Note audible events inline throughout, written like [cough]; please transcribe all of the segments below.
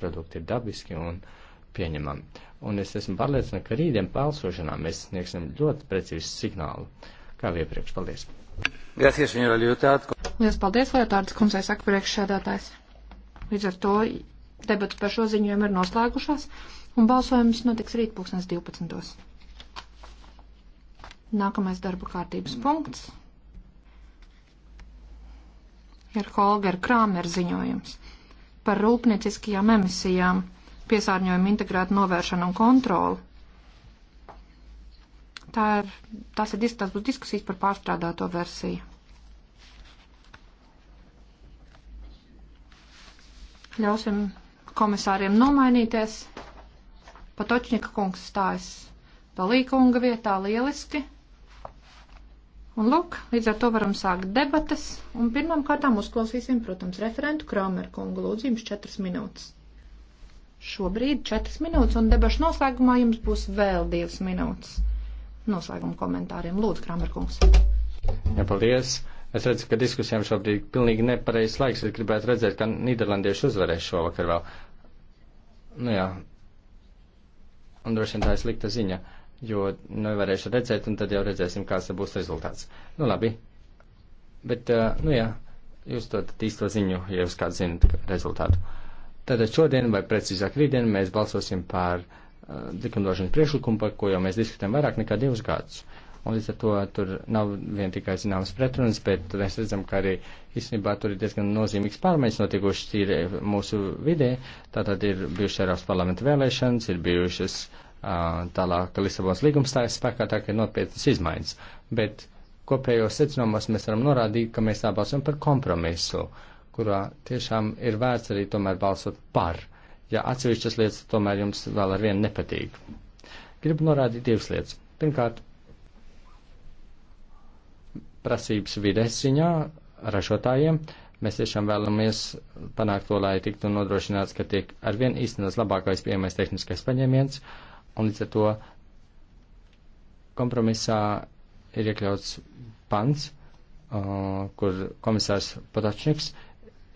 produkti ir dabiski un pieņemami. Un es esmu pārliecināts, ka rītdien balsošanā mēs sniegsim ļoti precīzu signālu, kā jau iepriekš. Paldies! Gracias, senora Liotārds. Lielas paldies, Liotārds, kundzei saka priekšsēdētājs. Līdz ar to debats par šo ziņojumu ir noslēgušās, un balsojums notiks rīt pulkstens 12. Nākamais darba kārtības punkts ir Holger Krāmer ziņojums par rūpnieciskajām emisijām, piesārņojumu integrētu novēršanu un kontroli. Tā ir, tās ir tās būs diskusijas par pārstrādāto versiju. Ļausim komisāriem nomainīties. Patočņika kungs stājas palīkunga vietā lieliski. Un lūk, līdz ar to varam sākt debatas. Un pirmām kārtām uzklausīsim, protams, referentu Kramer kungu lūdzījums četras minūtes. Šobrīd četras minūtes, un debašu noslēgumā jums būs vēl divas minūtes. Noslēguma komentāriem lūdzu, Kramer kungs. Jā, paldies. Es redzu, ka diskusijām šobrīd pilnīgi nepareizs laiks. Es gribētu redzēt, ka Nīderlandieši uzvarēs šovakar vēl. Nu jā, un droši vien tā ir slikta ziņa. Uh, jo nevarēšu redzēt, un tad jau redzēsim, kāds būs rezultāts. Nu, labi. Bet, eh, nu jā, jūs to īsto ziņu, ja jūs kāds zinat rezultātu. Tātad šodien, vai precīzāk rītdien, mēs balsosim par uh, likumdošanas priekšlikumu, par ko jau mēs diskutējam vairāk nekā divus gadus. Un līdz ar to tur nav vien tikai zināmas pretrunas, bet mēs redzam, ka arī īstenībā tur ir diezgan nozīmīgs pārmaiņas notikušas mūsu vidē. Tātad ir bijušas Eiropas parlamenta vēlēšanas, ir bijušas uh, tālāk Lisabons līgums stājas spēkā, tā ka ir nopietnas izmaiņas. Bet kopējos secinājumos mēs varam norādīt, ka mēs tā balsojam par kompromisu, kurā tiešām ir vērts arī tomēr balsot par, ja atsevišķas lietas tomēr jums vēl ar vienu nepatīk. Gribu norādīt divas lietas. Pirmkārt, prasības vides ziņā ražotājiem. Mēs tiešām vēlamies panākt to, lai tiktu nodrošināts, ka tiek arvien īstenos labākais pieejamais tehniskais paņēmiens. Uh, Un līdz ar to kompromisā ir iekļauts pants, uh, kur komisārs Patačniks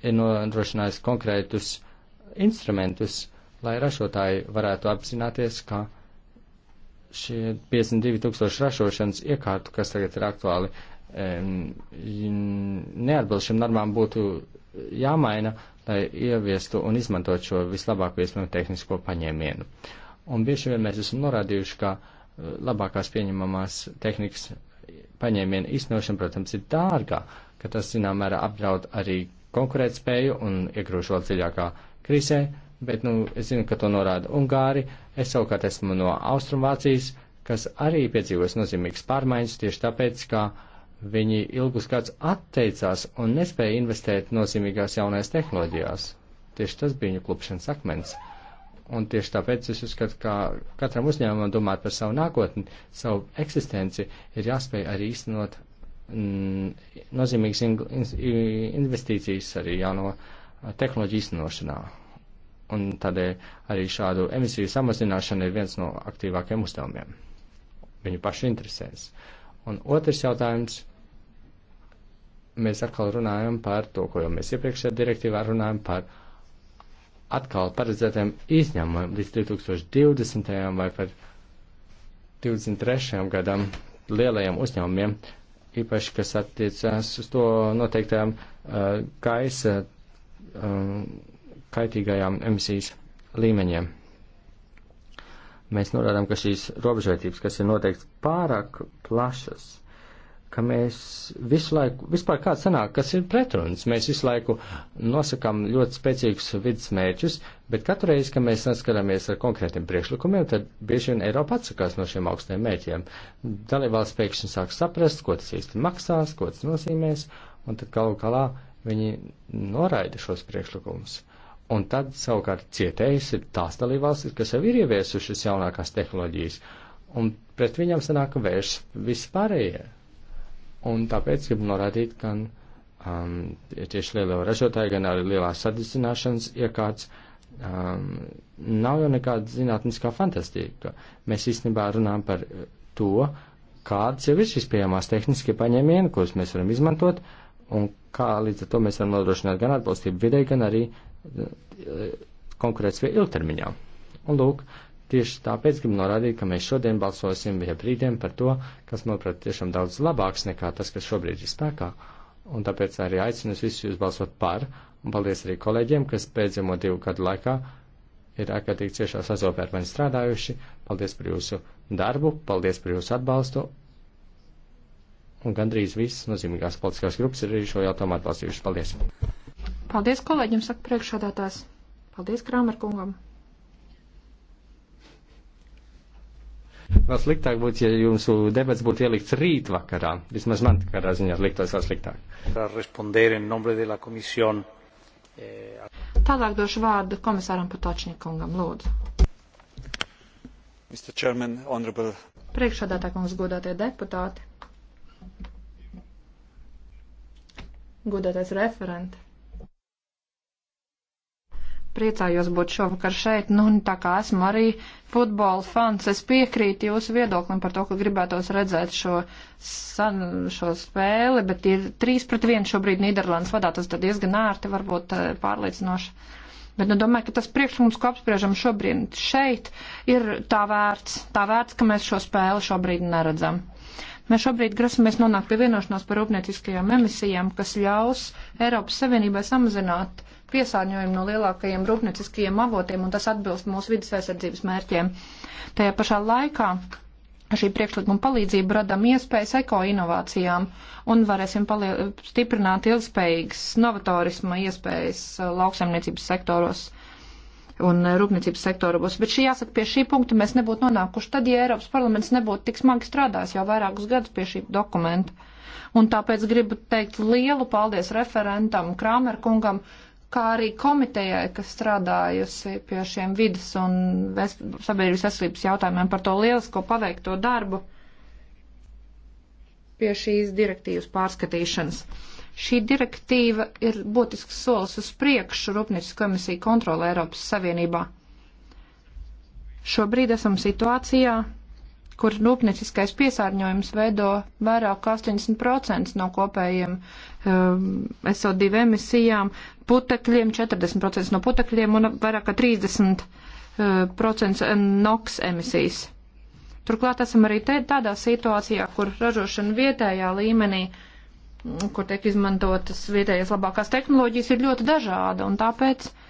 ir nodrošinājis konkrētus instrumentus, lai ražotāji varētu apzināties, ka šie 52 tūkstoši ražošanas iekārtu, kas tagad ir aktuāli, neatbilst šiem normām būtu jāmaina, lai ieviestu un izmantot šo vislabāko iespējamo tehnisko paņēmienu. Uh, Un bieži vien mēs esam norādījuši, ka eh, labākās pieņemamās tehnikas paņēmienu iznošana, protams, ir dārgā, ka tas, zinām, mērā apdraud arī konkurētspēju un iegrūžot dziļākā krisē, bet, nu, es zinu, ka to norāda Ungāri, es savukārt esmu no Austrumvācijas, kas arī piedzīvos nozīmīgas pārmaiņas tieši tāpēc, ka viņi ilgus gads atteicās un nespēja investēt nozīmīgās jaunajās tehnoloģijās. Tieši tas bija viņu klupšanas akmens. Un tieši tāpēc es uzskatu, ka katram uzņēmumam domāt par savu nākotni, savu eksistenci, ir jāspēj arī īstenot mm, nozīmīgas in, in, investīcijas arī jauno tehnoloģiju īstenošanā. Un tādēļ arī šādu emisiju samazināšana ir viens no aktīvākiem uzdevumiem. Viņu pašu interesēs. Un otrs jautājums. Mēs atkal runājam par to, ko jau mēs iepriekšējā direktīvā runājam par atkal paredzētiem izņēmumiem līdz 2020. vai pat 2023. gadam lielajiem uzņēmumiem, īpaši, kas attiecās uz to noteiktajām uh, gaisa um, kaitīgajām emisijas līmeņiem. Mēs norādām, ka šīs robežvērtības, kas ir noteikti pārāk plašas, ka mēs visu laiku, vispār kā sanāk, kas ir pretruns, mēs visu laiku nosakām ļoti spēcīgus vidas mērķus, bet katru reizi, kad mēs saskaramies ar konkrētiem priekšlikumiem, tad bieži vien Eiropa atsakās no šiem augstiem mērķiem. Dalībvalsts pēkšņi sāk saprast, ko tas īsti maksās, ko tas nozīmēs, un tad galu galā viņi noraida šos priekšlikumus. Un tad savukārt cietējas ir tās dalībvalstis, kas jau ir ieviesušas jaunākās tehnoloģijas, un pret viņām sanāk vērš vispārējie. Un tāpēc gribu norādīt gan um, tieši lielo ražotāju, gan arī lielās sadedzināšanas iekārts. Um, nav jau nekāda zinātniskā fantastika. Mēs īstenībā runājam par to, kādas jau ir šīs pieejamās tehniskie paņēmieni, kurus mēs varam izmantot, un kā līdz ar to mēs varam nodrošināt gan atbalstību videi, gan arī uh, konkurētspēju ilgtermiņā. Un lūk, Tieši tāpēc gribam norādīt, ka mēs šodien balsosim vai brīdiem par to, kas, manuprāt, tiešām daudz labāks nekā tas, kas šobrīd ir spēkā. Un tāpēc arī aicinu visus jūs balsot par, un paldies arī kolēģiem, kas pēdējo divu gadu laikā ir ārkārtīgi ciešā sazopē ar mani strādājuši. Paldies par jūsu darbu, paldies par jūsu atbalstu. Un gandrīz visas nozīmīgās politiskās grupas ir arī šo jautājumu atbalstījuši. Paldies! Paldies, kolēģim, saka priekšādātājs. Paldies, Krāmer kungam! Vēl sliktāk būtu, ja jūsu debats būtu ielikts rīt vakarā. Vismaz man kādā ziņā liktos vēl sliktāk. Eh, Tālāk došu vārdu komisāram Patočnikungam, lūdzu. Mr. Chairman, honorable. Priekšādātā kungs, godātie deputāti. Godātais referenti priecājos būt šovakar šeit, nu, tā kā esmu arī futbola fans, es piekrītu jūsu viedoklim par to, ka gribētos redzēt šo, san, šo spēli, bet ir 3 pret 1 šobrīd Nīderlandes vadā, tas tad diezgan ērti, varbūt eh, pārliecinoši. Bet, nu, domāju, ka tas priekšlikums, ko apspriežam šobrīd šeit, ir tā vērts, tā vērts, ka mēs šo spēli šobrīd neredzam. Mēs šobrīd grasamies nonākt pie vienošanās par rūpnieciskajām emisijām, kas ļaus Eiropas Savienībai samazināt uh, piesārņojumu no lielākajiem rūpnieciskajiem avotiem, un tas atbilst mūsu vidas aizsardzības mērķiem. Tajā pašā laikā šī priekšlikuma palīdzība radām iespējas ekoinovācijām un varēsim stiprināt ilgspējīgas novatorisma iespējas uh, lauksaimniecības sektoros un uh, rūpniecības sektoros. Bet šī jāsaka, pie šī punkta mēs nebūtu nonākuši tad, ja Eiropas parlaments nebūtu tik smagi strādājis jau vairākus gadus pie šī dokumenta. Un tāpēc gribu teikt lielu paldies referentam Krāmerkungam kā arī komitejai, kas strādājusi pie šiem vidas un ves sabiedrības veselības jautājumiem par to lielisko paveikto darbu pie šīs direktīvas pārskatīšanas. Šī direktīva ir būtisks solis uz priekšu Rūpnīcas komisija kontrola Eiropas Savienībā. Šobrīd esam situācijā, kur rūpnieciskais piesārņojums veido vairāk kā 80% no kopējiem um, SO2 emisijām, putekļiem 40% no putekļiem un vairāk kā 30% uh, NOx emisijas. Turklāt esam arī te, tādā situācijā, kur ražošana vietējā līmenī, mm, kur tiek izmantotas vietējās labākās tehnoloģijas, ir ļoti dažāda un tāpēc uh,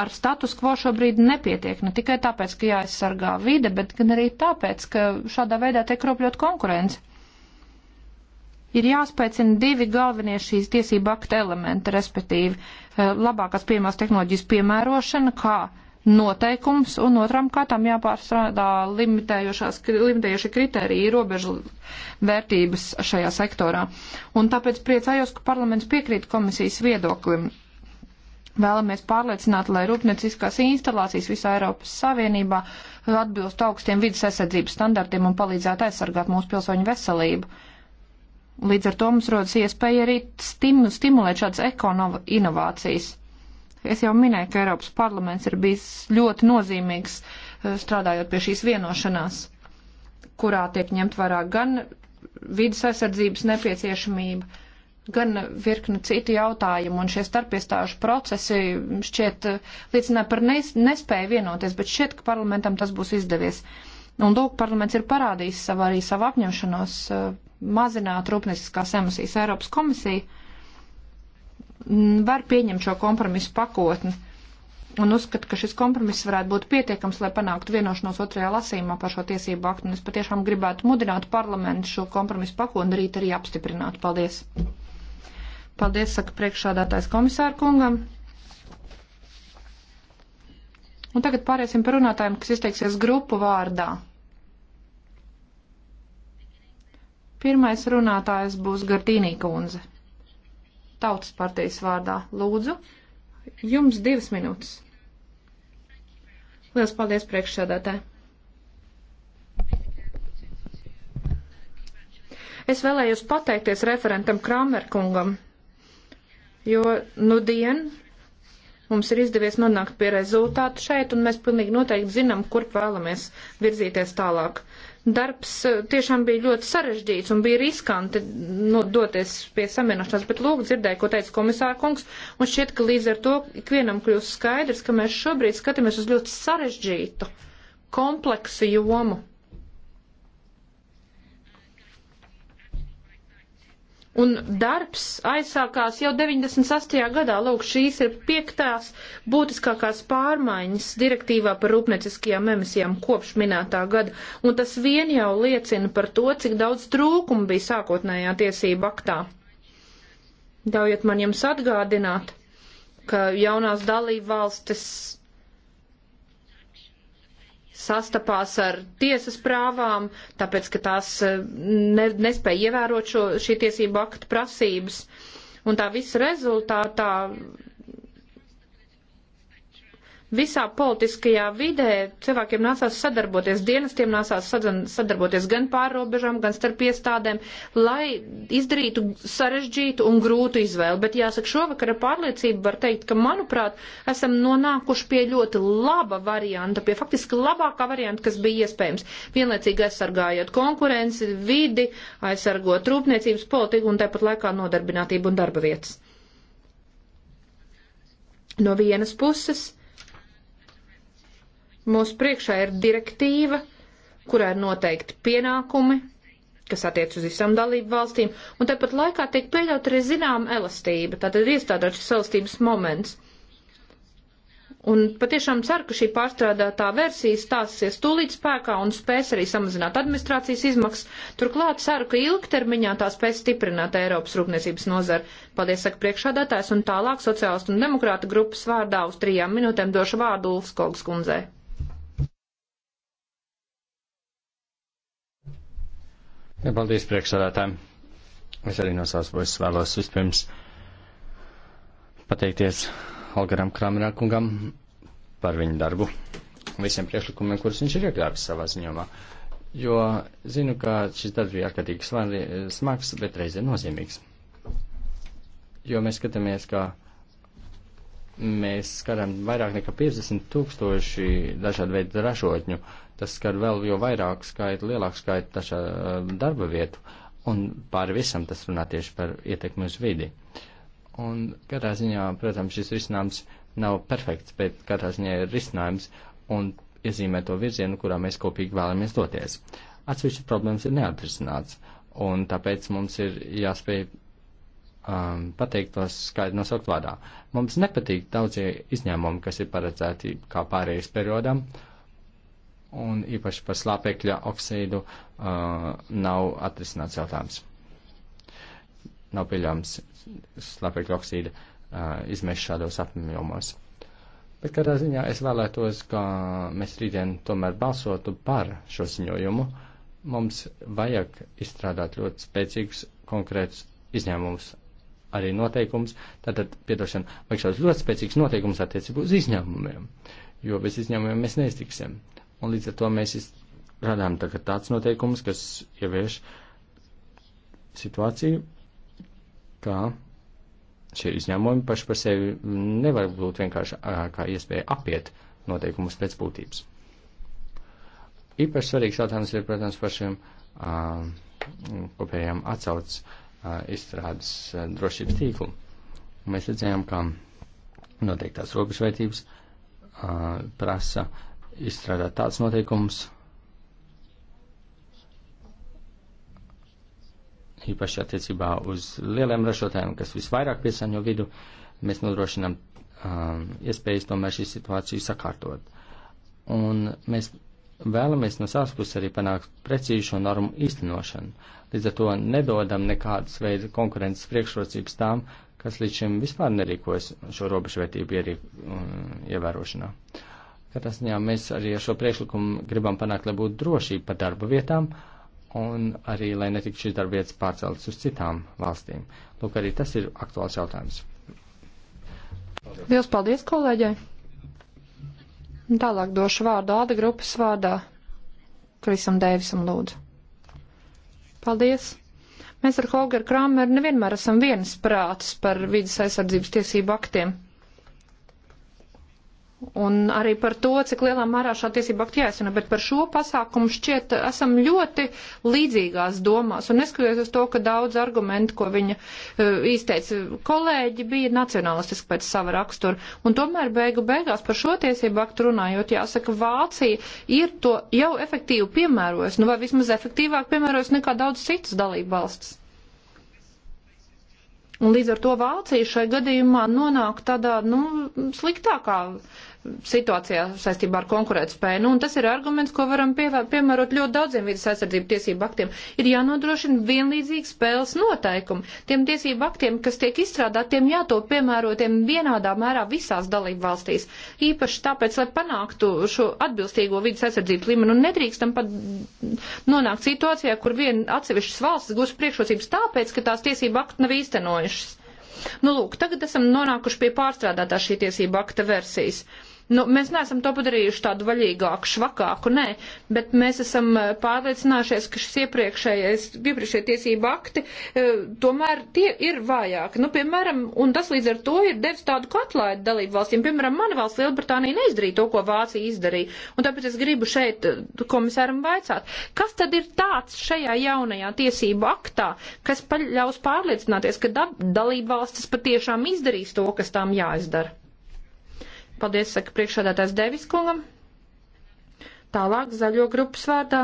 ar status quo šobrīd nepietiek, ne tikai tāpēc, ka jāaizsargā vide, bet gan arī tāpēc, ka šādā veidā tiek kropļot konkurence. Ir jāspēcina divi galvenie šīs tiesība akta elementi, respektīvi eh, labākās piemērs tehnoloģijas piemērošana, kā noteikums, un otram kārtām jāpārstrādā limitējošie kriteriji, robežu vērtības šajā sektorā. Un tāpēc priecājos, ka parlaments piekrīt komisijas viedoklim Vēlamies pārliecināt, lai rūpnieciskās instalācijas visā Eiropas Savienībā atbilst augstiem vidas aizsardzības standartiem un palīdzētu aizsargāt mūsu pilsoņu veselību. Līdz ar to mums rodas iespēja arī stimu, stimulēt šādas ekonovācijas. Es jau minēju, ka Eiropas parlaments ir bijis ļoti nozīmīgs eh, strādājot pie šīs vienošanās, kurā tiek ņemt vērā gan vidas aizsardzības nepieciešamība, gan virkni citu jautājumu, un šie starpiestāžu procesi šķiet eh, liecina par nespēju vienoties, bet šķiet, ka parlamentam tas būs izdevies. Un lūk, parlaments ir parādījis savu arī savu apņemšanos eh, mazināt rūpnieciskās emisijas. Eiropas komisija mm, var pieņemt šo kompromisu pakotni un uzskatu, ka šis kompromiss varētu būt pietiekams, lai panāktu vienošanos otrajā lasījumā par šo tiesību aktu. Un es patiešām gribētu mudināt parlamentu šo kompromisu pakotni rīt arī apstiprināt. Paldies! Paldies, saka priekšādātājs komisāra kungam. Un tagad pāriesim par runātājiem, kas izteiksies grupu vārdā. Pirmais runātājs būs Gardīnī kundze. Tautas partijas vārdā. Lūdzu, jums divas minūtes. Lielas paldies priekšsēdētāji. Es vēlējos pateikties referentam Kramerkungam jo nu dien mums ir izdevies nonākt pie rezultātu šeit, un mēs pilnīgi noteikti zinām, kur vēlamies virzīties tālāk. Darbs eh, tiešām bija ļoti sarežģīts un bija riskanti nu, doties pie samienāšanās, bet lūk dzirdēju, ko teica komisāra kungs, un šķiet, ka līdz ar to ikvienam kļūst skaidrs, ka mēs šobrīd skatāmies uz ļoti sarežģītu, kompleksu jomu. Un darbs aizsākās jau 98. gadā. Lūk, šīs ir piektās būtiskākās pārmaiņas direktīvā par rūpnieciskajām emisijām kopš minētā gada. Un tas vien jau liecina par to, cik daudz trūkumu bija sākotnējā tiesība aktā. Daujiet man jums atgādināt, ka jaunās dalība valstis sastapās ar tiesas prāvām, tāpēc, ka tās eh, ne, nespēja ievērot šo, šī tiesību akta prasības. Un tā visa rezultātā visā politiskajā vidē cilvēkiem nācās sadarboties, dienestiem nācās sadarboties gan pār robežām, gan starp iestādēm, lai izdarītu sarežģītu un grūtu izvēli. Bet jāsaka, šovakar ar pārliecību var teikt, ka, manuprāt, esam nonākuši pie ļoti laba varianta, pie faktiski labākā varianta, kas bija iespējams. Vienlaicīgi aizsargājot konkurenci, vidi, aizsargot rūpniecības politiku un tāpat laikā nodarbinātību un darba vietas. No vienas puses Mūsu priekšā ir direktīva, kurā ir noteikti pienākumi, kas attiec uz visām dalību valstīm, un tāpat laikā tiek pieļaut arī zinām elastība, tātad ir iestādāt šis elastības moments. Un patiešām ceru, ka šī pārstrādātā versija stāsies tūlīt spēkā un spēs arī samazināt administrācijas izmaksas. Turklāt ceru, ka ilgtermiņā tā spēs stiprināt Eiropas rūpniecības nozari. Paldies, saka priekšādātājs, un tālāk sociālistu un demokrāta grupas vārdā uz trijām minūtēm došu vārdu Ulfskogas kundzei. Ja, paldies priekšsādātājiem. Es arī no savas puses vēlos vispirms pateikties Olgaram Kramerākungam par viņu darbu, visiem priekšlikumiem, kurus viņš ir iekļāvis savā ziņomā. Jo zinu, ka šis darbs bija ārkārtīgi smags, bet reizē nozīmīgs. Jo mēs skatāmies, ka mēs skaram vairāk nekā 50 tūkstoši dažādu veidu ražotņu, uh, Tas skar vēl jau vairāk skaitu, lielāku skaitu tašā um, darba vietu, un pāri visam tas runā tieši par ietekmi uz vidi. Un katrā ziņā, protams, šis risinājums nav perfekts, bet katrā ziņā ir risinājums un iezīmē to virzienu, kurā mēs kopīgi vēlamies doties. Atsevišķi problēmas ir neatrisināts, un tāpēc mums ir jāspēj um, pateikt tos skaidri nosaukt vārdā. Mums nepatīk daudzie izņēmumi, kas ir paredzēti kā pārējais periodam, un īpaši par slāpekļa oksīdu uh, nav atrisināts jautājums. Nav pieļams slāpekļa oksīda uh, izmešs šādos apjomos. Bet katrā ziņā es vēlētos, ka mēs rītdien tomēr balsotu par šo ziņojumu. Mums vajag izstrādāt ļoti spēcīgus konkrētus izņēmumus, arī noteikumus. Tātad, piedošana, vajag šādus ļoti spēcīgus noteikumus attiecību uz izņēmumiem, jo bez izņēmumiem mēs neiztiksim. Uh, Un līdz ar to mēs radām tagad tāds noteikums, kas ievieš situāciju, ka šie izņēmumi paši par sevi nevar būt vienkārši kā iespēja apiet noteikumus pēc būtības. Īpaši svarīgs jautājums ir, protams, par šiem kopējiem atsaucas izstrādes drošības tīklu. Mēs redzējām, ka noteiktās robežvērtības prasa izstrādāt tāds noteikums, īpaši attiecībā uz lieliem ražotājiem, kas visvairāk piesaņo vidu, mēs nodrošinām um, iespējas tomēr šī situācija sakārtot. Un mēs vēlamies no savas puses arī panākt precīzu šo normu īstenošanu. Līdz ar to nedodam nekādas veida konkurences priekšrocības tām, kas līdz šim vispār nerīkojas šo robežvērtību um, ievērošanā. Uh, Katrā ziņā mēs arī ar šo priekšlikumu gribam panākt, lai būtu drošība par darba vietām un arī, lai netiktu šīs darba vietas pārceltas uz citām valstīm. Lūk, arī tas ir aktuāls jautājums. Paldies. Liels paldies kolēģai! Tālāk došu vārdu Alde grupas vārdā. Krisam Dēvisam lūdzu. Paldies! Mēs ar Holgeru Krāmeru nevienmēr esam vienas prātas par vidas aizsardzības tiesību aktiem. Un arī par to, cik lielā mērā šā tiesība akti jāizsana, bet par šo pasākumu šķiet esam ļoti līdzīgās domās. Un neskatoties uz to, ka daudz argumentu, ko viņa uh, izteica kolēģi, bija nacionalistiski pēc sava rakstura. Un tomēr beigu beigās par šo tiesību aktu runājot, jāsaka, Vācija ir to jau efektīvi piemērojusi, nu vai vismaz efektīvāk piemērojusi nekā daudz citas dalību valsts. Un līdz ar to Vācija šai gadījumā nonāk tādā, nu, sliktākā situācijā saistībā ar konkurētspēju. Nu, un tas ir arguments, ko varam pievā, piemērot ļoti daudziem vidas aizsardzību tiesību aktiem. Ir jānodrošina vienlīdzīgi spēles noteikumi. Tiem tiesību aktiem, kas tiek izstrādātiem, jātop piemērotiem vienādā mērā visās dalību valstīs. Īpaši tāpēc, lai panāktu šo atbilstīgo vidas aizsardzības līmeni, un nedrīkstam pat nonākt situācijā, kur viena atsevišķas valsts gūs priekšrocības tāpēc, ka tās tiesību aktu nav īstenojušas. Nu, lūk, tagad esam nonākuši pie pārstrādātā šī tiesība akta versijas. Uh, Nu, mēs neesam to padarījuši tādu vaļīgāku, švakāku, nē, bet mēs esam eh, pārliecinājušies, ka šis iepriekšējais, iepriekšējie tiesība akti e, tomēr tie ir vājāki. Nu, piemēram, un tas līdz ar to ir devis tādu katlaidu dalību valstīm. Piemēram, mana valsts Lielbritānija neizdarīja to, ko Vācija izdarīja. Un tāpēc es gribu šeit eh, komisāram vaicāt, kas tad ir tāds šajā jaunajā tiesību aktā, kas ļaus pārliecināties, ka dalību valstis patiešām izdarīs to, kas tām jāizdara? Paldies, saka priekšādātājs Devis kungam. Tālāk zaļo grupas vārdā.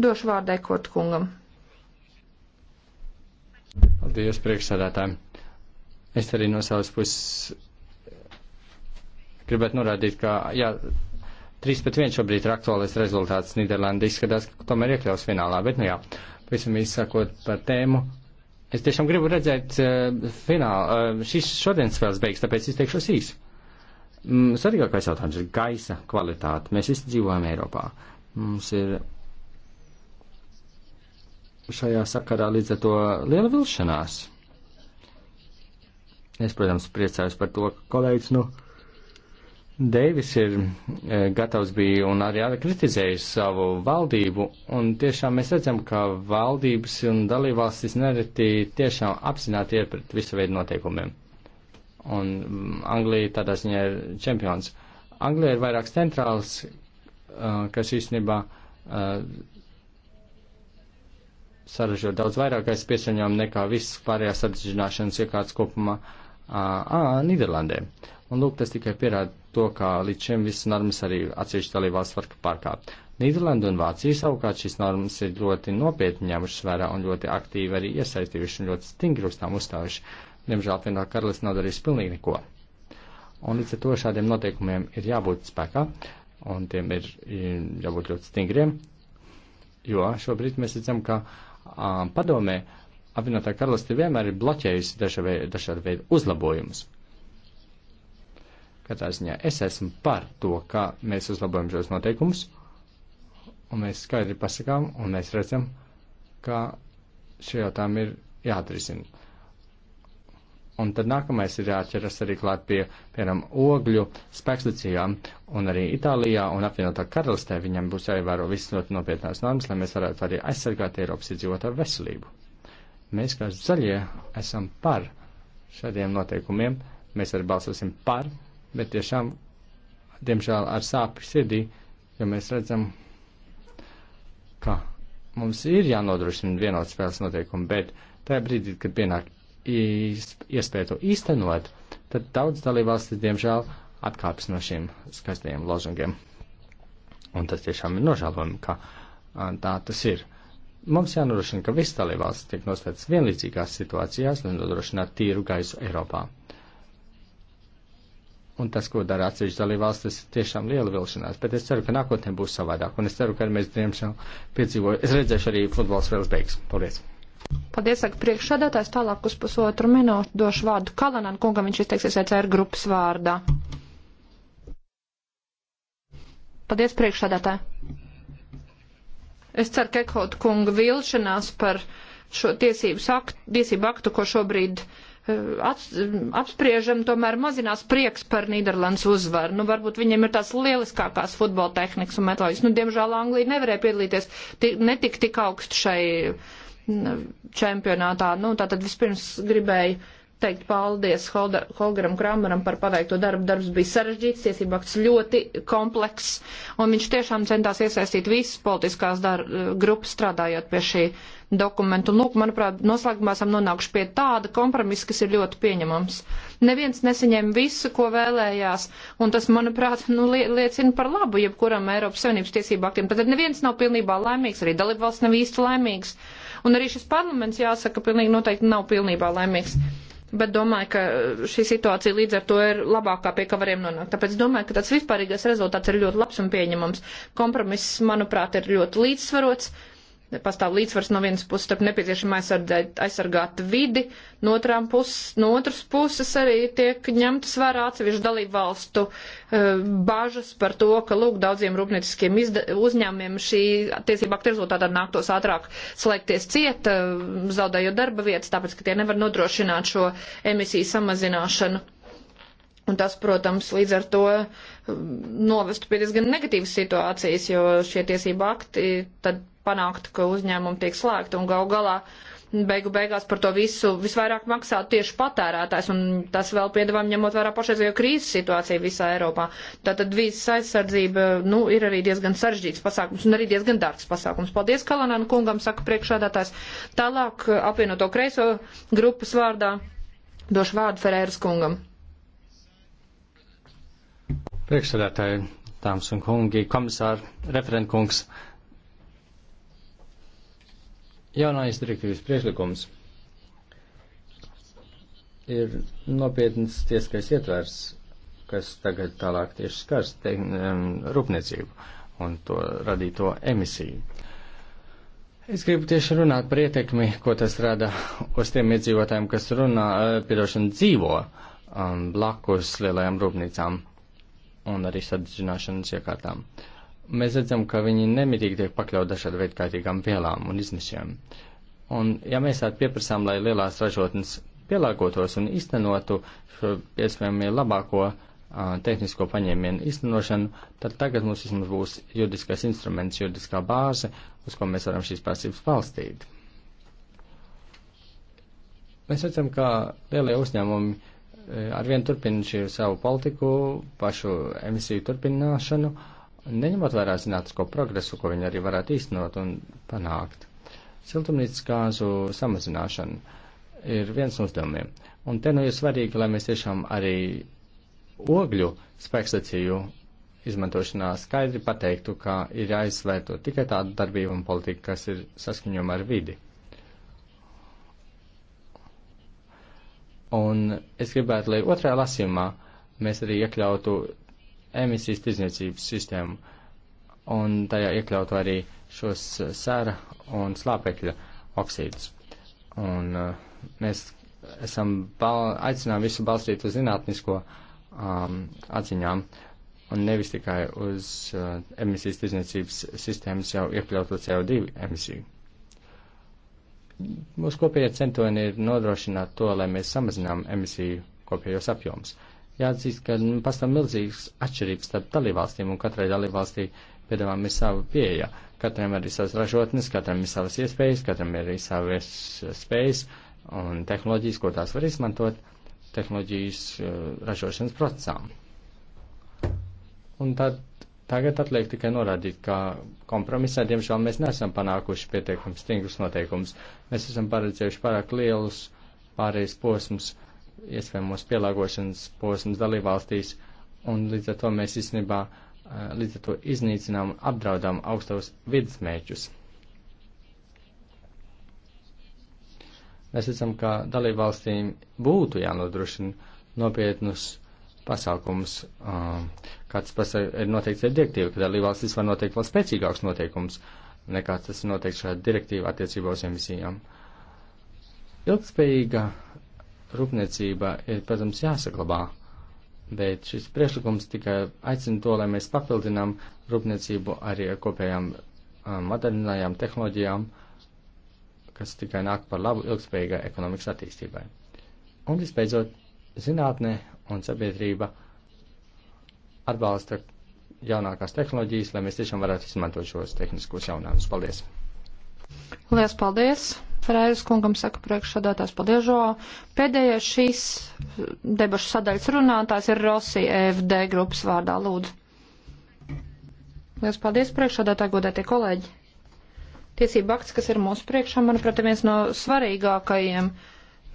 Došu vārdu Ekort kungam. Paldies, priekšsādātājiem. Es arī no savas puses gribētu norādīt, ka, jā, 3 pret 1 šobrīd ir aktuālais rezultāts. Nīderlanda izskatās, ka tomēr iekļaus finālā, bet, nu jā, pavisam īsākot par tēmu, Es tiešām gribu redzēt uh, finālu. Uh, šis šodienas spēles beigas, tāpēc izteikšos īsi. Mm, svarīgākais jautājums ir gaisa kvalitāte. Mēs visi dzīvojam Eiropā. Mums ir šajā sakarā līdz ar to liela vilšanās. Es, protams, priecājos par to, ka kolēģis, nu. No Deivis ir e, gatavs bija un arī kritizējis savu valdību, un tiešām mēs redzam, ka valdības un dalībvalstis nereti tiešām apzināti ir pret visu veidu noteikumiem. Un mm, Anglija tādā ziņā ir čempions. Anglija ir vairāks centrāls, e, kas īstenībā e, saražo daudz vairākais piesaņojumu nekā viss pārējās sarežģināšanas iekārtas kopumā Nīderlandē. Un lūk, tas tikai pierāda to, ka līdz šim visas normas arī atsevišķi dalībās var pārkāpt. Nīderlanda un Vācija savukārt šīs normas ir ļoti nopietni ņēmušas vērā un ļoti aktīvi arī iesaistījuši un ļoti stingri uz tām uzstājuši. Diemžēl apvienotā karalists nav darījis pilnīgi neko. Un līdz ar to šādiem noteikumiem ir jābūt spēkā un tiem ir jābūt ļoti stingriem, jo šobrīd mēs redzam, ka um, padomē apvienotā karalisti vienmēr ir bloķējusi dažādu veidu uzlabojumus. Katrā ziņā es esmu par to, kā mēs uzlabojam šos noteikumus, un mēs skaidri pasakām, un mēs redzam, ka šie jautājumi ir jāatrisina. Un tad nākamais ir jāķeras arī klāt pie, piemēram, ogļu spēkstacijām, un arī Itālijā un apvienotā karalistē viņam būs jāievēro visas ļoti nopietnās normas, lai mēs varētu arī aizsargāt Eiropas iedzīvotāju veselību. Mēs, kā zaļie, esam par šādiem noteikumiem, mēs arī balsosim par bet tiešām, diemžēl, ar sāpju sirdī, jo mēs redzam, ka mums ir jānodrošina vienot spēles noteikumi, bet tajā brīdī, kad pienāk iespēja to īstenot, tad daudz dalībvalstis, diemžēl, atkāpjas no šiem skaistajiem lozungiem. Un tas tiešām ir nožēlojami, ka tā tas ir. Mums jānodrošina, ka visas dalībvalstis tiek nostātas vienlīdzīgās situācijās, lai nodrošinātu tīru gaisu Eiropā. Un tas, ko dara atsevišķi dalībvalsts, tas ir tiešām liela vilšanās. Bet es ceru, ka nākotnē būs savādāk. Un es ceru, ka mēs diemžēl piedzīvojam. Es redzēšu arī futbola spēles beigas. Paldies! Paldies, saka priekšsādātājs. Tālāk uz pusotru minūtu došu vārdu Kalanan kungam. Viņš izteiksies ECR grupas vārdā. Paldies, priekšsādātāji! Es ceru, ka Ekholta kunga vilšanās par šo tiesību aktu, tiesību aktu ko šobrīd uh, Eh, apspriežam, tomēr mazinās prieks par Nīderlandes uzvaru. Nu, varbūt viņiem ir tās lieliskākās futbola tehnikas un metodas. Nu, diemžēl Anglija nevarēja piedalīties tik, netik tik augstu šai čempionātā. Nu, tātad vispirms gribēju teikt paldies Holgeram Kramaram par paveikto darbu. Darbs bija sarežģīts, tiesību akts ļoti komplekss, un viņš tiešām centās iesaistīt visas politiskās dar, grupas strādājot pie šī dokumentu. Un, lūk, manuprāt, noslēgumā esam nonākuši pie tāda kompromisa, kas ir ļoti pieņemams. Neviens nesaņēma visu, ko vēlējās, un tas, manuprāt, nu, liecina par labu jebkuram Eiropas Savienības tiesību aktiem. Tad neviens nav pilnībā laimīgs, arī dalībvalsts nav īsti laimīgs. Un arī šis parlaments, jāsaka, pilnīgi noteikti nav pilnībā laimīgs bet domāju, ka šī situācija līdz ar to ir labākā, pie kā varējām nonākt. Tāpēc domāju, ka tāds vispārīgais rezultāts ir ļoti labs un pieņemams. Kompromiss, manuprāt, ir ļoti līdzsvarots pastāv līdzsvars no vienas puses starp nepieciešamību aizsargāt, aizsargāt vidi, no, puses, no otras puses arī tiek ņemtas vērā atsevišķu dalību valstu uh, bažas par to, ka lūk daudziem rūpnieciskiem uzņēmumiem šī tiesība akta rezultātā nāktos ātrāk slēgties ciet, uh, zaudējot darba vietas, tāpēc, ka tie nevar nodrošināt šo emisiju samazināšanu. Un tas, protams, līdz ar to um, novestu pie diezgan negatīvas situācijas, jo šie tiesība akti tad panāktu, ka uzņēmumi tiek slēgti un gal galā beigu beigās par to visu visvairāk maksā tieši patērētājs, un tas vēl piedevām ņemot vērā pašreizējo krīzes situāciju visā Eiropā. Tātad vīzas aizsardzība, nu, ir arī diezgan sarežģīts pasākums un arī diezgan dārgs pasākums. Paldies Kalanāna kungam, saka priekšādātājs. Tālāk apvienoto kreiso grupas vārdā došu vārdu Ferēras kungam. Priekšsēdētāji, dāmas un kungi, komisāri, referentkungs. Jaunais direktīvas priekšlikums ir nopietns tieskais ietvers, kas tagad tālāk tieši skars te, um, rūpniecību un to radīto emisiju. Es gribu tieši runāt par ietekmi, ko tas rada uz tiem iedzīvotājiem, kas runā, eh, piedošana dzīvo um, blakus lielajām rūpnīcām un arī sardzināšanas iekārtām. Mēs redzam, ka viņi nemitīgi tiek pakļaut dažādu veidu kaitīgām vielām un izmešiem. Un ja mēs tādu pieprasām, lai lielās ražotnes pielāgotos un iztenotu šo iespējami labāko uh, tehnisko paņēmienu iztenošanu, tad tagad mums vismaz būs juridiskais instruments, juridiskā bāze, uz ko mēs varam šīs prasības balstīt. Mēs redzam, ka lielie uzņēmumi Eh, arvien turpina šī savu politiku, pašu emisiju turpināšanu, neņemot vērā zinātnisko progresu, ko viņi arī varētu īstenot un panākt. Siltumnīcas gāzu samazināšana ir viens no uzdevumiem. Un te nu ir svarīgi, lai mēs tiešām arī ogļu spēkstaciju izmantošanā skaidri pateiktu, ka ir jāizsvērto tikai tāda darbība un politika, kas ir saskaņoma ar vidi. Un es gribētu, lai otrajā lasījumā mēs arī iekļautu emisijas tirdzniecības sistēmu un tajā iekļautu arī šos eh, sēra un slāpekļa oksīdus. Un eh, mēs esam aicinām visu balstīt uz zinātnisko um, atziņām un nevis tikai uz uh, emisijas tirdzniecības sistēmas jau iekļautu CO2 emisiju mūsu kopējie centieni ir nodrošināt to, lai mēs samazinām emisiju kopējos apjomus. Jāatzīst, ka nu, pastāv milzīgas atšķirības starp dalībvalstīm un katrai dalībvalstī piedāvājam ir savu pieeja. Katram ir savas ražotnes, katram ir savas iespējas, katram ir savas spējas un tehnoloģijas, ko tās var izmantot tehnoloģijas eh, ražošanas procesām. Un tad Tagad atliek tikai norādīt, ka kompromisā, diemžēl, mēs nesam panākuši pietiekami stingrus noteikumus. Mēs esam paredzējuši pārāk lielus pārējais posmus, iespējamos pielāgošanas posmus dalībvalstīs, un līdz ar to mēs īstenībā eh, līdz ar to iznīcinām un apdraudām augstos vidusmēķus. Mēs redzam, ka dalībvalstīm būtu jānodrošina nopietnus uh, pasākums, um, kāds pasa ir noteikts ar direktīvu, ka dalībvalstis var noteikt vēl spēcīgāks noteikums nekā tas ir noteikts šajā direktīvā attiecībā uz emisijām. Ilgspējīga rūpniecība ir, protams, jāsaglabā, bet šis priešlikums tikai aicina to, lai mēs papildinām rūpniecību arī ar kopējām um, modernajām tehnoloģijām, kas tikai nāk par labu ilgspējīgai ekonomikas attīstībai. Un visbeidzot, zinātnē un sabiedrība atbalsta jaunākās tehnoloģijas, lai mēs tiešām varētu izmantot šos tehniskos jaunākus. Paldies! Lielas paldies! Reizes kungam saka priekšsādātājs Padiežo. Pēdējais šīs debašu sadaļas runātājs ir Rossi EFD grupas vārdā. Lūdzu! Lielas paldies priekšsādātāji, godētie kolēģi! Tiesība akts, kas ir mūsu priekšā, manuprāt, ir viens no svarīgākajiem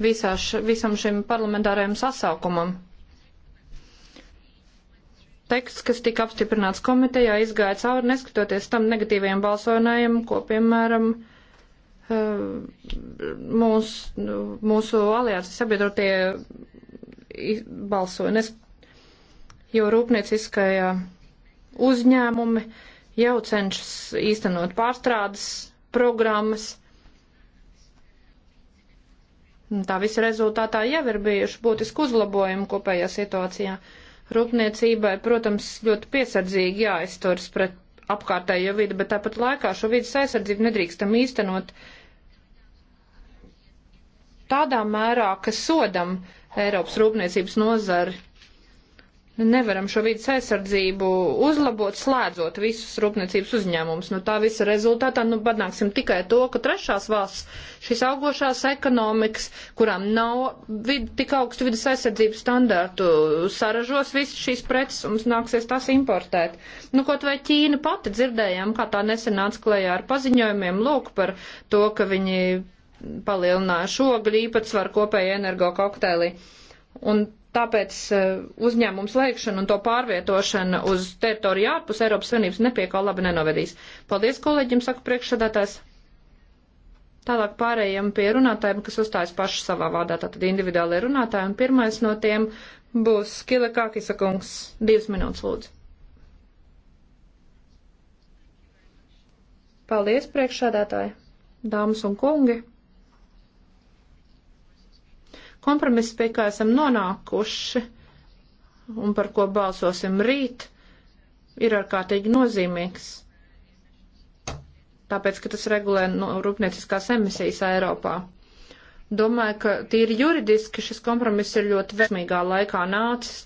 visā, š, visam šim parlamentārajam sasaukumam teksts, kas tika apstiprināts komitejā, izgāja cauri, neskatoties tam negatīvajiem balsojumiem, ko, piemēram, eh, mūs, nu, mūsu alianses sabiedrotie balsoja, nes, jo rūpnieciskajā uzņēmumi jau cenšas īstenot pārstrādes programmas. Tā visa rezultātā jau ir bijuši būtiski uzlabojumi kopējā situācijā. Uh, Rūpniecībai, protams, ļoti piesardzīgi jāizturas pret apkārtējo vidi, bet tāpat laikā šo vidas aizsardzību nedrīkstam īstenot tādā mērā, ka sodam Eiropas rūpniecības nozari nevaram šo vidas aizsardzību uzlabot, slēdzot visus rūpniecības uzņēmumus. Nu, tā visa rezultātā nu, panāksim tikai to, ka trešās valsts, šīs augošās ekonomikas, kurām nav vid, tik augstu vidas aizsardzības standārtu, saražos visas šīs preces un mums nāksies tās importēt. Nu, kaut vai Ķīna pati dzirdējām, kā tā nesen nāca klējā ar paziņojumiem, lūk, par to, ka viņi palielināja šogļu īpatsvaru kopēja energo kokteili. Un Tāpēc e, uzņēmums lēkšana un to pārvietošana uz teritoriju ārpus Eiropas Savienības nepiekā labi nenovedīs. Paldies kolēģim, saka priekšsēdētājs. Tālāk pārējiem pie runātājiem, kas uzstājas paši savā vārdā, tātad individuālajie runātāji, un pirmais no tiem būs Skila Kākisa kungs. Divas minūtes lūdzu. Paldies, priekšsēdētāji, dāmas un kungi! Kompromiss, pie kā esam nonākuši un par ko balsosim rīt, ir ārkārtīgi nozīmīgs. Tāpēc, ka tas regulē no nu, rūpnieciskās emisijas Eiropā. Domāju, ka tīri juridiski šis kompromiss ir ļoti veiksmīgā laikā nācis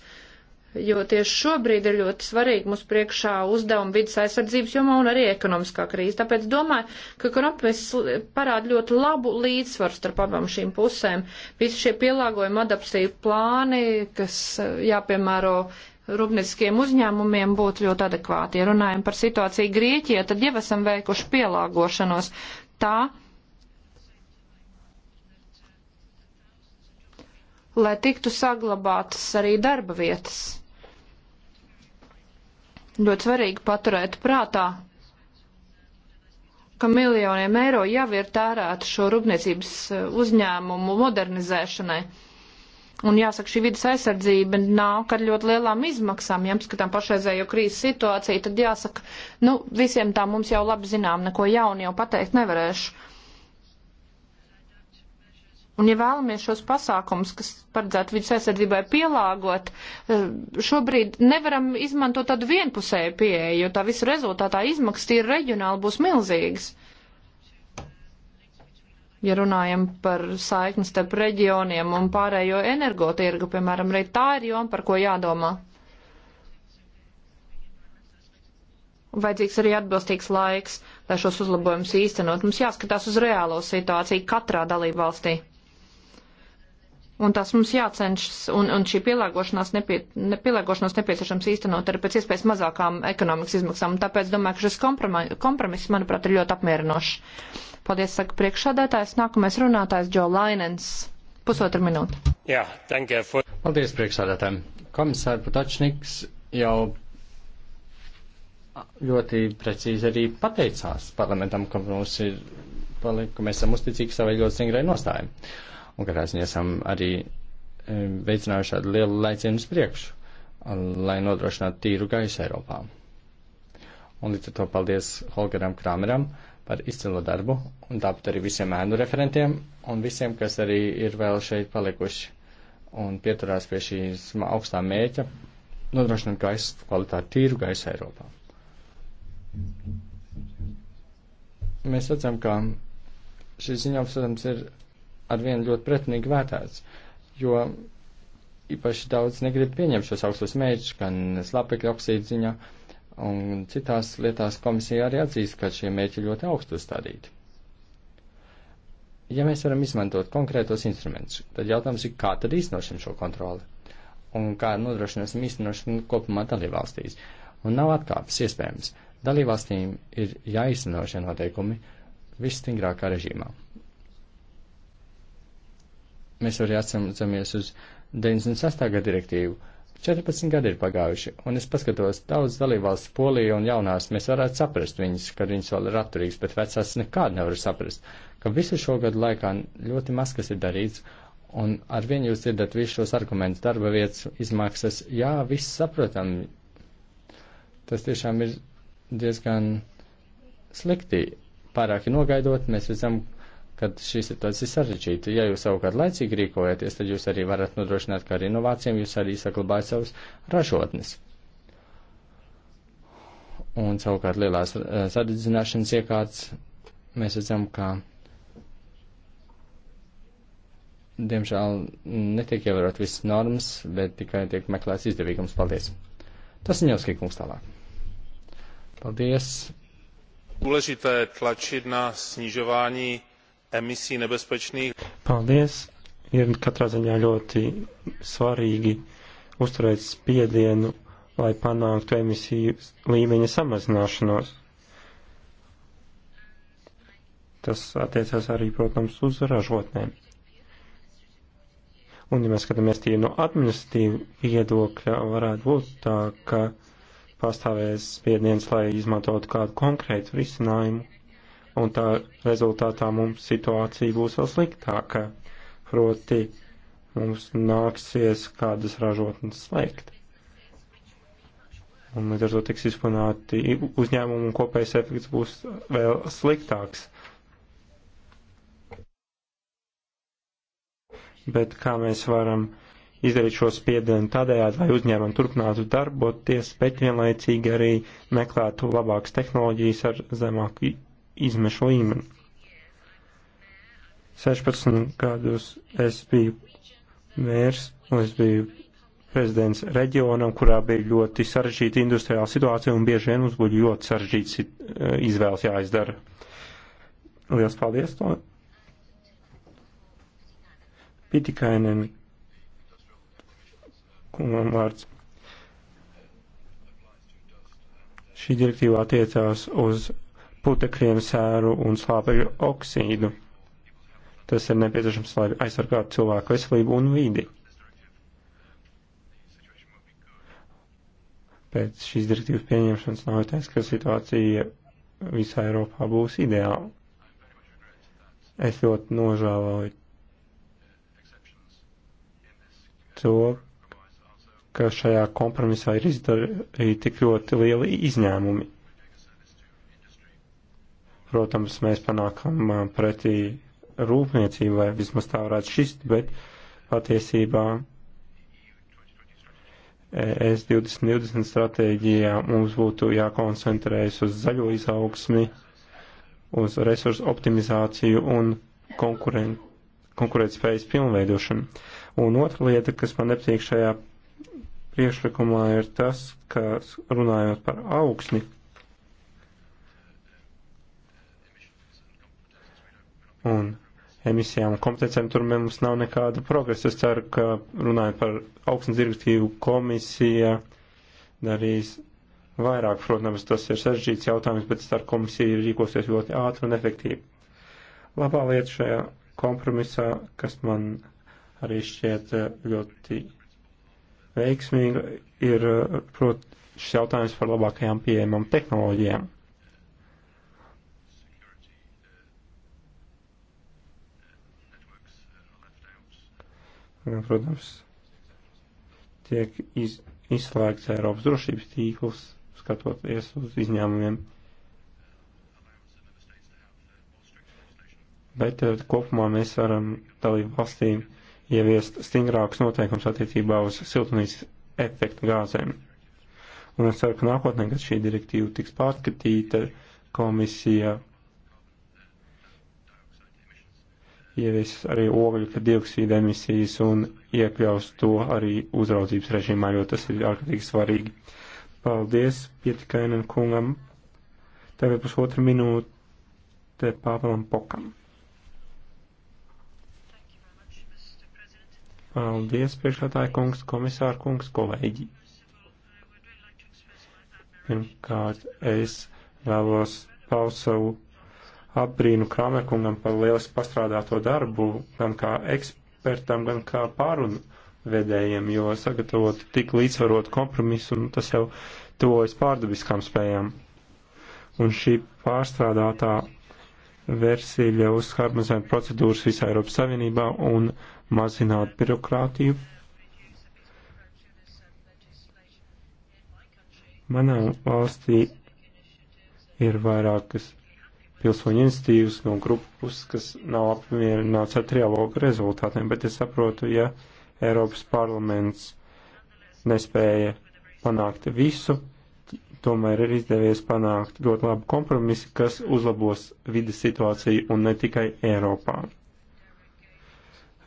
jo tieši šobrīd ir ļoti svarīgi mums priekšā uzdevumi vidas aizsardzības jomā un arī ekonomiskā krīze. Tāpēc domāju, ka kompromiss parāda ļoti labu līdzsvaru starp abām šīm pusēm. Visi šie pielāgojumi adaptīvi plāni, kas eh, jāpiemēro rūpnieciskiem uzņēmumiem būtu ļoti adekvāti. Ja runājam par situāciju Grieķijā, tad jau esam veikuši pielāgošanos tā, lai tiktu saglabātas arī darba vietas. Ļoti svarīgi paturēt prātā, ka miljoniem eiro jau ir tērēta šo rūpniecības eh, uzņēmumu modernizēšanai. Un jāsaka, šī vidas aizsardzība nāk ar ļoti lielām izmaksām. Ja skatām pašreizējo krīzes situāciju, tad jāsaka, nu, visiem tā mums jau labi zinām, neko jaunu jau pateikt nevarēšu. Un, ja vēlamies šos pasākumus, kas paredzētu vidus aizsardzībai pielāgot, eh, šobrīd nevaram izmantot tādu vienpusēju pieeju, jo tā visu rezultātā izmaksas tīri reģionāli būs milzīgas. Ja runājam par saikni starp reģioniem un pārējo energotirgu, piemēram, arī tā ir joma, par ko jādomā. Vajadzīgs arī atbilstīgs laiks, lai šos uzlabojumus īstenot. Mums jāskatās uz reālo situāciju katrā dalību valstī. Un tas mums jācenšas, un, un šī pielāgošanās, nepie, ne, pielāgošanās nepieciešams īstenot arī pēc iespējas mazākām ekonomikas izmaksām. Un tāpēc domāju, ka šis kompromiss, manuprāt, ir ļoti apmierinošs. Paldies, saka priekšādātājs. Nākamais runātājs Džo Lainens. Pusotra minūte. Jā, tankie. For... Paldies, priekšādātājiem. Komisāri Putačniks jau ļoti precīzi arī pateicās parlamentam, ka mums ir, ka mēs esam uzticīgi savai ļoti stingrai nostājai. Un katrā ziņā esam arī e, veicinājuši tādu lielu laicienu uz priekšu, lai nodrošinātu tīru gaisu Eiropā. Un līdz ar to paldies Holgeram Krameram par izcilo darbu, un tāpat arī visiem ēnu referentiem un visiem, kas arī ir vēl šeit palikuši un pieturās pie šīs augstā mēķa nodrošināt gaisa kvalitāti tīru gaisu Eiropā. Mēs redzam, ka šis ziņojums, protams, ir arvien ļoti pretinīgi vērtēts, jo īpaši daudz negrib pieņemt šos augstos mērķus, gan slāpekļa oksīdu ziņā, un citās lietās komisija arī atzīst, ka šie mērķi ļoti augstu uzstādīti. Ja mēs varam izmantot konkrētos instrumentus, tad jautājums ir, kā tad īstenosim šo kontroli un kā nodrošināsim īstenošanu kopumā dalībvalstīs. Un nav atkāpes iespējams. Dalībvalstīm ir jāizteno šie noteikumi visstingrākā režīmā mēs arī atceramies uz 96. gada direktīvu. 14 gadi ir pagājuši, un es paskatos daudz dalībvalsts Polija un jaunās, mēs varētu saprast viņas, kad viņas vēl ir atturīgas, bet vecās nekād nevar saprast, ka visu šo gadu laikā ļoti maz kas ir darīts, un ar vienu jūs dzirdat visus šos argumentus, darba vietas, izmaksas, jā, viss saprotam, tas tiešām ir diezgan slikti. Pārāk nogaidot, mēs redzam, kad šī situācija ir sarežģīta. Ja jūs savukārt laicīgi rīkojaties, tad jūs arī varat nodrošināt, ka ar inovācijām jūs arī saglabājat savus ražotnes. Un savukārt lielās eh, sadedzināšanas iekārts mēs redzam, ka diemžēl netiek ievērot visas normas, bet tikai tiek meklēts izdevīgums. Paldies! Tas ir Ņevskij kungs tālāk. Paldies! Důležité tlačit na snižování emisiju nebezpečnīgi. Paldies! Ir katrā ziņā ļoti svarīgi uzturēt spiedienu, lai panāktu emisiju līmeņa samazināšanos. Tas attiecas arī, protams, uz ražotnēm. Un, ja mēs skatāmies tie no administratīva viedokļa, varētu būt tā, ka pastāvēs spiediens, lai izmantotu kādu konkrētu risinājumu un tā rezultātā mums situācija būs vēl sliktāka. Proti, mums nāksies kādas ražotnes slēgt. Un līdz ar to tiks izpanāti uzņēmumu un kopējais efekts būs vēl sliktāks. Bet kā mēs varam izdarīt šo spiedienu tādējādi, lai uzņēmumi turpinātu darboties, bet vienlaicīgi arī meklētu labākas tehnoloģijas ar zemāku izmešu līmeni. 16 gadus es biju mērs un es biju prezidents reģionam, kurā bija ļoti sarežģīta industriāla situācija un bieži vien mums būtu ļoti sarežģīts uh, izvēles jāizdara. Lielas paldies to. Pitikainen kungam vārds. Šī direktīva attiecās uz putekļiem sēru un slāpekļu oksīdu. Tas ir nepieciešams, lai aizsargātu cilvēku veselību un vidi. Pēc šīs direktīvas pieņemšanas nav taisa, ka situācija visā Eiropā būs ideāla. Es ļoti nožēloju to, ka šajā kompromisā ir izdarīti tik ļoti lieli izņēmumi. Protams, mēs panākam pretī rūpniecībai, vismaz tā varētu šist, bet patiesībā ES 2020 stratēģijā mums būtu jākoncentrējas uz zaļo izaugsmi, uz resursu optimizāciju un konkuren... konkurētspējas pilnveidošanu. Un otra lieta, kas man nepatīk šajā priekšlikumā, ir tas, ka runājot par augsni, un emisijām un kompetencijām, tur mums nav nekāda progresa. Es ceru, ka runājot par augstnes direktīvu komisija darīs vairāk, protams, tas ir sarežģīts jautājums, bet es ceru, komisija rīkosies ļoti ātri un efektīvi. Labā lieta šajā kompromisā, kas man arī šķiet eh, ļoti veiksmīga, ir eh, prot, šis jautājums par labākajām pieejamām tehnoloģijām protams, tiek iz, izslēgts Eiropas drošības tīkls, skatoties uz izņēmumiem. Bet eh, kopumā mēs varam dalību valstīm ieviest stingrākus noteikumus attiecībā uz siltumnīcas efektu gāzēm. Un es ceru, ka nākotnē, kad šī direktīva tiks pārskatīta, komisija ievies arī ogļu dioksīda emisijas un iekļaus to arī uzraudzības režīmā, jo tas ir ārkārtīgi svarīgi. Paldies Pietikainen kungam. Tagad pusotru minūte Pāvēlam Pokam. Paldies, priekšētāja kungs, komisāra kungs, kolēģi. Pirmkārt, es vēlos paust savu apbrīnu Kramerkungam par lieliski pastrādāto darbu, gan kā ekspertam, gan kā pārunu vedējiem, jo sagatavot tik līdzvarotu kompromisu, un nu, tas jau tuvojas pārdabiskām spējām. Un šī pārstrādātā versija ļaus harmonizēt procedūras visā Eiropas Savienībā un mazināt birokrātiju. Manā valstī ir vairākas pilsoņu institīvas, no grupas, kas nav apmierināts ar trialogu rezultātiem, bet es saprotu, ja Eiropas parlaments nespēja panākt visu, tomēr ir izdevies panākt ļoti labu kompromisu, kas uzlabos vidas situāciju un ne tikai Eiropā.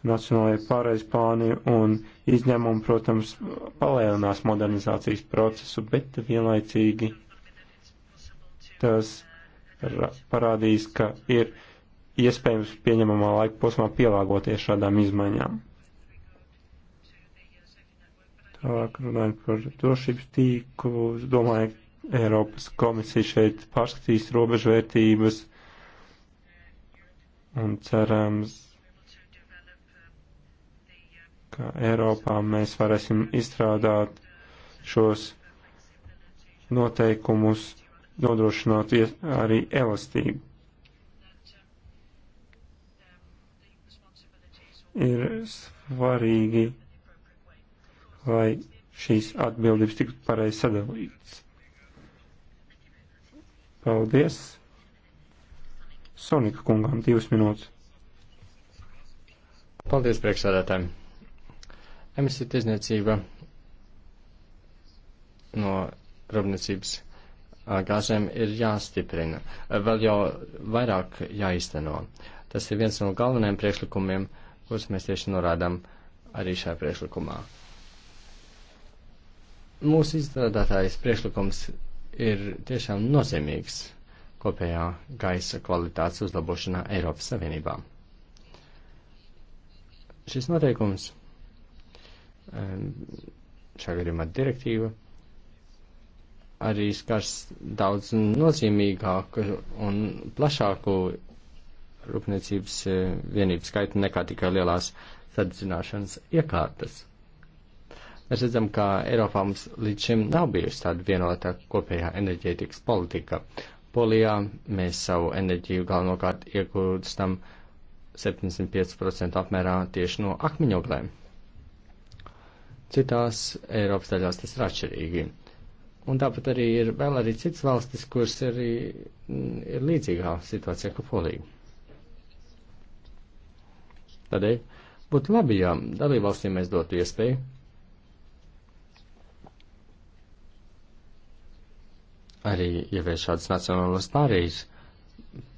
Nacionālajie pārējais plāni un izņēmumi, protams, palēlinās modernizācijas procesu, bet vienlaicīgi tas parādījis, ka ir iespējams pieņemamā laika posmā pielāgoties šādām izmaiņām. Tālāk runājot par drošības tīklu, es domāju, Eiropas komisija šeit pārskatīs robežvērtības un cerams, ka Eiropā mēs varēsim izstrādāt šos noteikumus nodrošināt arī elastību. Ir svarīgi, lai šīs atbildības tiktu pareizi sadalītas. Paldies! Sonika kungam divas minūtes. Paldies priekšsādātājiem! Emisija tiesniecība no rūpniecības gāzēm ir jāstiprina, vēl jau vairāk jāizteno. Tas ir viens no galvenajiem priekšlikumiem, kurus mēs tieši norādām arī šajā priekšlikumā. Mūsu izstrādātājs priekšlikums ir tiešām nozīmīgs kopējā gaisa kvalitātes uzlabošanā Eiropas Savienībā. Šis noteikums, šā gadījumā direktīva, arī skars daudz nozīmīgāku un plašāku rūpniecības e, vienību skaitu nekā tikai lielās sardzināšanas iekārtas. Mēs redzam, ka Eiropā mums līdz šim nav bijusi tāda vienota kopējā enerģētikas politika. Polijā mēs savu enerģiju galvenokārt iegūstam 75% apmērā tieši no akmeņoglēm. Citās Eiropas daļās tas ir atšķirīgi. Un tāpat arī ir vēl arī cits valstis, kuras ir, mm, ir līdzīgā situācijā kā Polija. Tādēļ būtu labi, ja dalībvalstīm mēs dotu iespēju arī ievies šādas nacionālas pārējas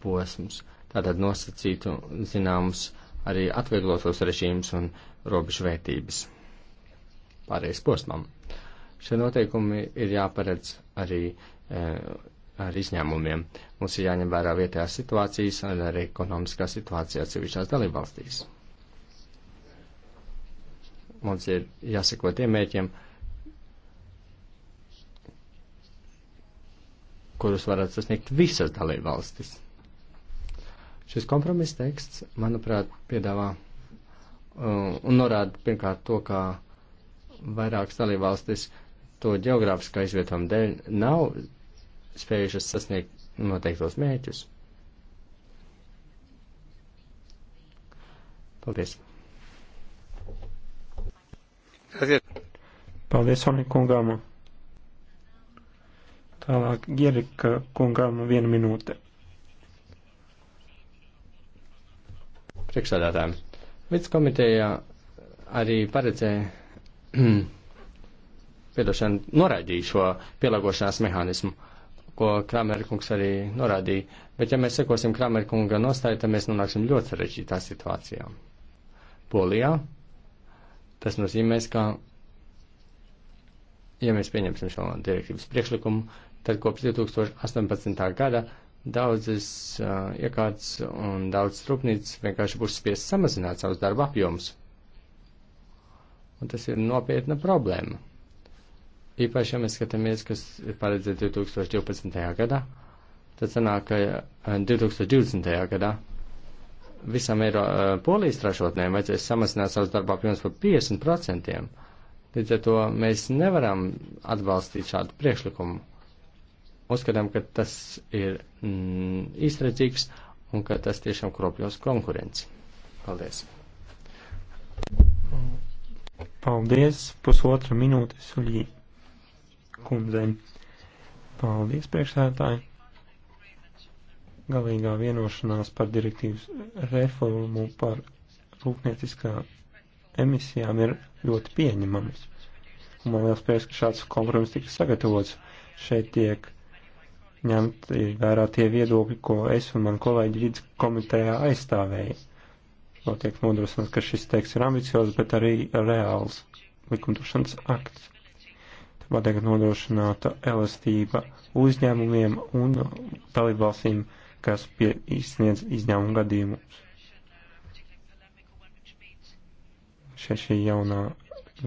posms, tātad nosacītu zināmus arī atvieglotos režīmus un robežu vērtības pārējais posmam. Šie noteikumi ir jāparedz arī e, ar izņēmumiem. Mums ir jāņem vērā vietējās situācijas un arī ekonomiskā situācija atsevišķās dalībvalstīs. Mums ir jāseko tiem mērķiem, kurus varētu sasniegt visas dalībvalstis. Šis kompromiss teksts, manuprāt, piedāvā e, un norāda pirmkārt to, ka vairākas dalībvalstis valstis to geogrāfiskā izvietojuma dēļ nav spējušas sasniegt noteiktos mērķus. Paldies! Paldies, Honik kungām! Tālāk Gierika kungām viena minūte. Priekšsādātājiem. Vids komitejā arī paredzēja [clears throat] piedošana, noraidīja šo pielāgošanās mehānismu, ko Kramerkungs arī norādīja. Bet ja mēs sekosim Kramerkunga nostāju, tad mēs nonāksim ļoti sarežģītā situācijā. Polijā tas nozīmēs, ka, ja mēs pieņemsim šo direktīvas priekšlikumu, tad kopš 2018. gada daudzas uh, iekārtas un daudz strupnīcas vienkārši būs spiest samazināt savus darba apjomus. Un tas ir nopietna problēma. Īpaši, ja mēs skatāmies, kas ir paredzēts 2012. gadā, tad sanāk, ka 2020. Eh, gadā visam ir uh, eh, polijas ražotnēm vajadzēs samazināt savus darba apjomus par 50%. Līdz ar to mēs nevaram atbalstīt šādu priekšlikumu. Uzskatām, ka tas ir mm, īstredzīgs un ka tas tiešām kropļos konkurenci. Paldies! Paldies! Pusotra minūte, Suļģī kundzei. Paldies, priekšsētāji! Galīgā vienošanās par direktīvas reformu par rūpnieciskā emisijām ir ļoti pieņemamas. Un man liels prieks, ka šāds kompromiss tika sagatavots. Šeit tiek ņemt vērā tie viedokļi, ko es un man kolēģi līdz komitejā aizstāvēja. Vēl tiek nodrošināts, ka šis teiks ir ambiciozs, bet arī reāls likumdošanas akts vai tiek nodrošināta elastība uzņēmumiem un dalībvalstīm, kas pie izsniedz izņēmumu gadījumus. Šie šī jaunā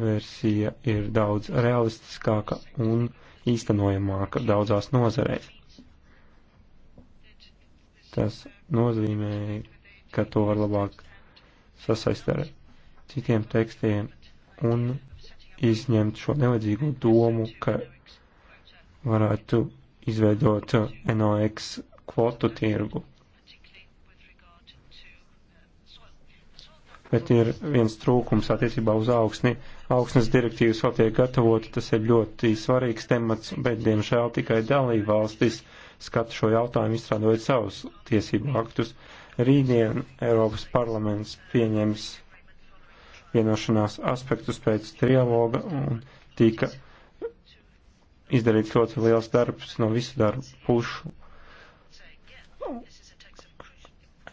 versija ir daudz realistiskāka un īstenojamāka daudzās nozarēs. Tas nozīmē, ka to var labāk sasaist ar citiem tekstiem un izņemt šo nevajadzīgo domu, ka varētu izveidot NOX kvotu tirgu. Bet ir viens trūkums attiecībā uz augsni. Augsnes direktīvas vēl tiek gatavota, tas ir ļoti svarīgs temats, bet diemžēl tikai dalība valstis skata šo jautājumu, izstrādojot savus tiesību aktus. Rītdien Eiropas parlaments pieņems vienošanās aspektus pēc trialoga un tika izdarīts ļoti liels darbs no visu darbu pušu.